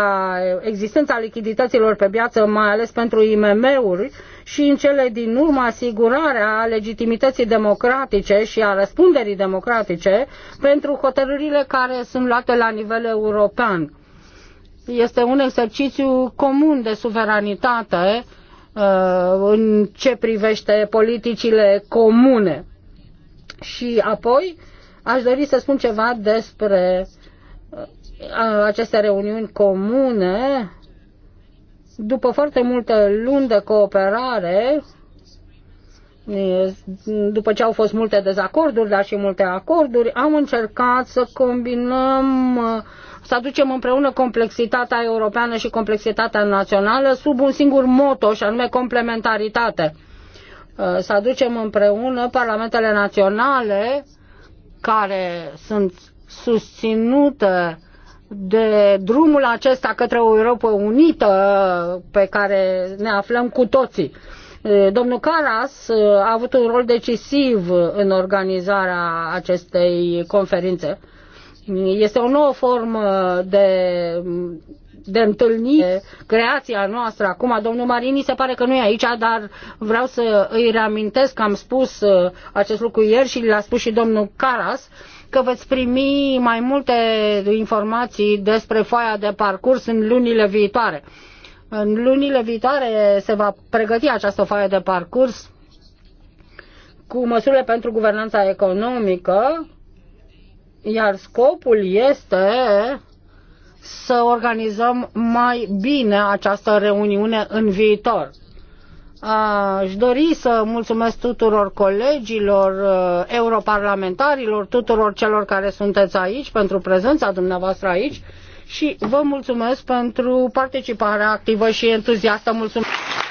existența lichidităților pe piață, mai ales pentru IMM-uri și în cele din urmă asigurarea legitimității democratice și a răspunderii democratice pentru hotărârile care sunt luate la nivel european. Este un exercițiu comun de suveranitate uh, în ce privește politicile comune. Și apoi aș dori să spun ceva despre uh, aceste reuniuni comune, după foarte multă luni de cooperare, după ce au fost multe dezacorduri, dar și multe acorduri, am încercat să combinăm, să aducem împreună complexitatea europeană și complexitatea națională sub un singur moto, și anume complementaritate. Să aducem împreună parlamentele naționale care sunt susținute uh, de drumul acesta către o Europa unită pe care ne aflăm cu toții. Domnul Caras a avut un rol decisiv în organizarea acestei conferințe. Este o nouă formă de, de întâlnire, creația noastră. Acum, domnul Marini se pare că nu e aici, dar vreau să îi reamintesc că am spus acest lucru ieri și l-a spus și domnul Caras că veți primi mai multe informații despre foaia de parcurs în lunile viitoare. În lunile viitoare se va pregăti această foaie de parcurs cu măsurile pentru guvernanța economică, iar scopul este să organizăm mai bine această reuniune în viitor. Aș dori să mulțumesc tuturor colegilor, uh, europarlamentarilor, tuturor celor care sunteți aici pentru prezența dumneavoastră aici și vă mulțumesc pentru participarea activă și entuziastă. Mulțumesc!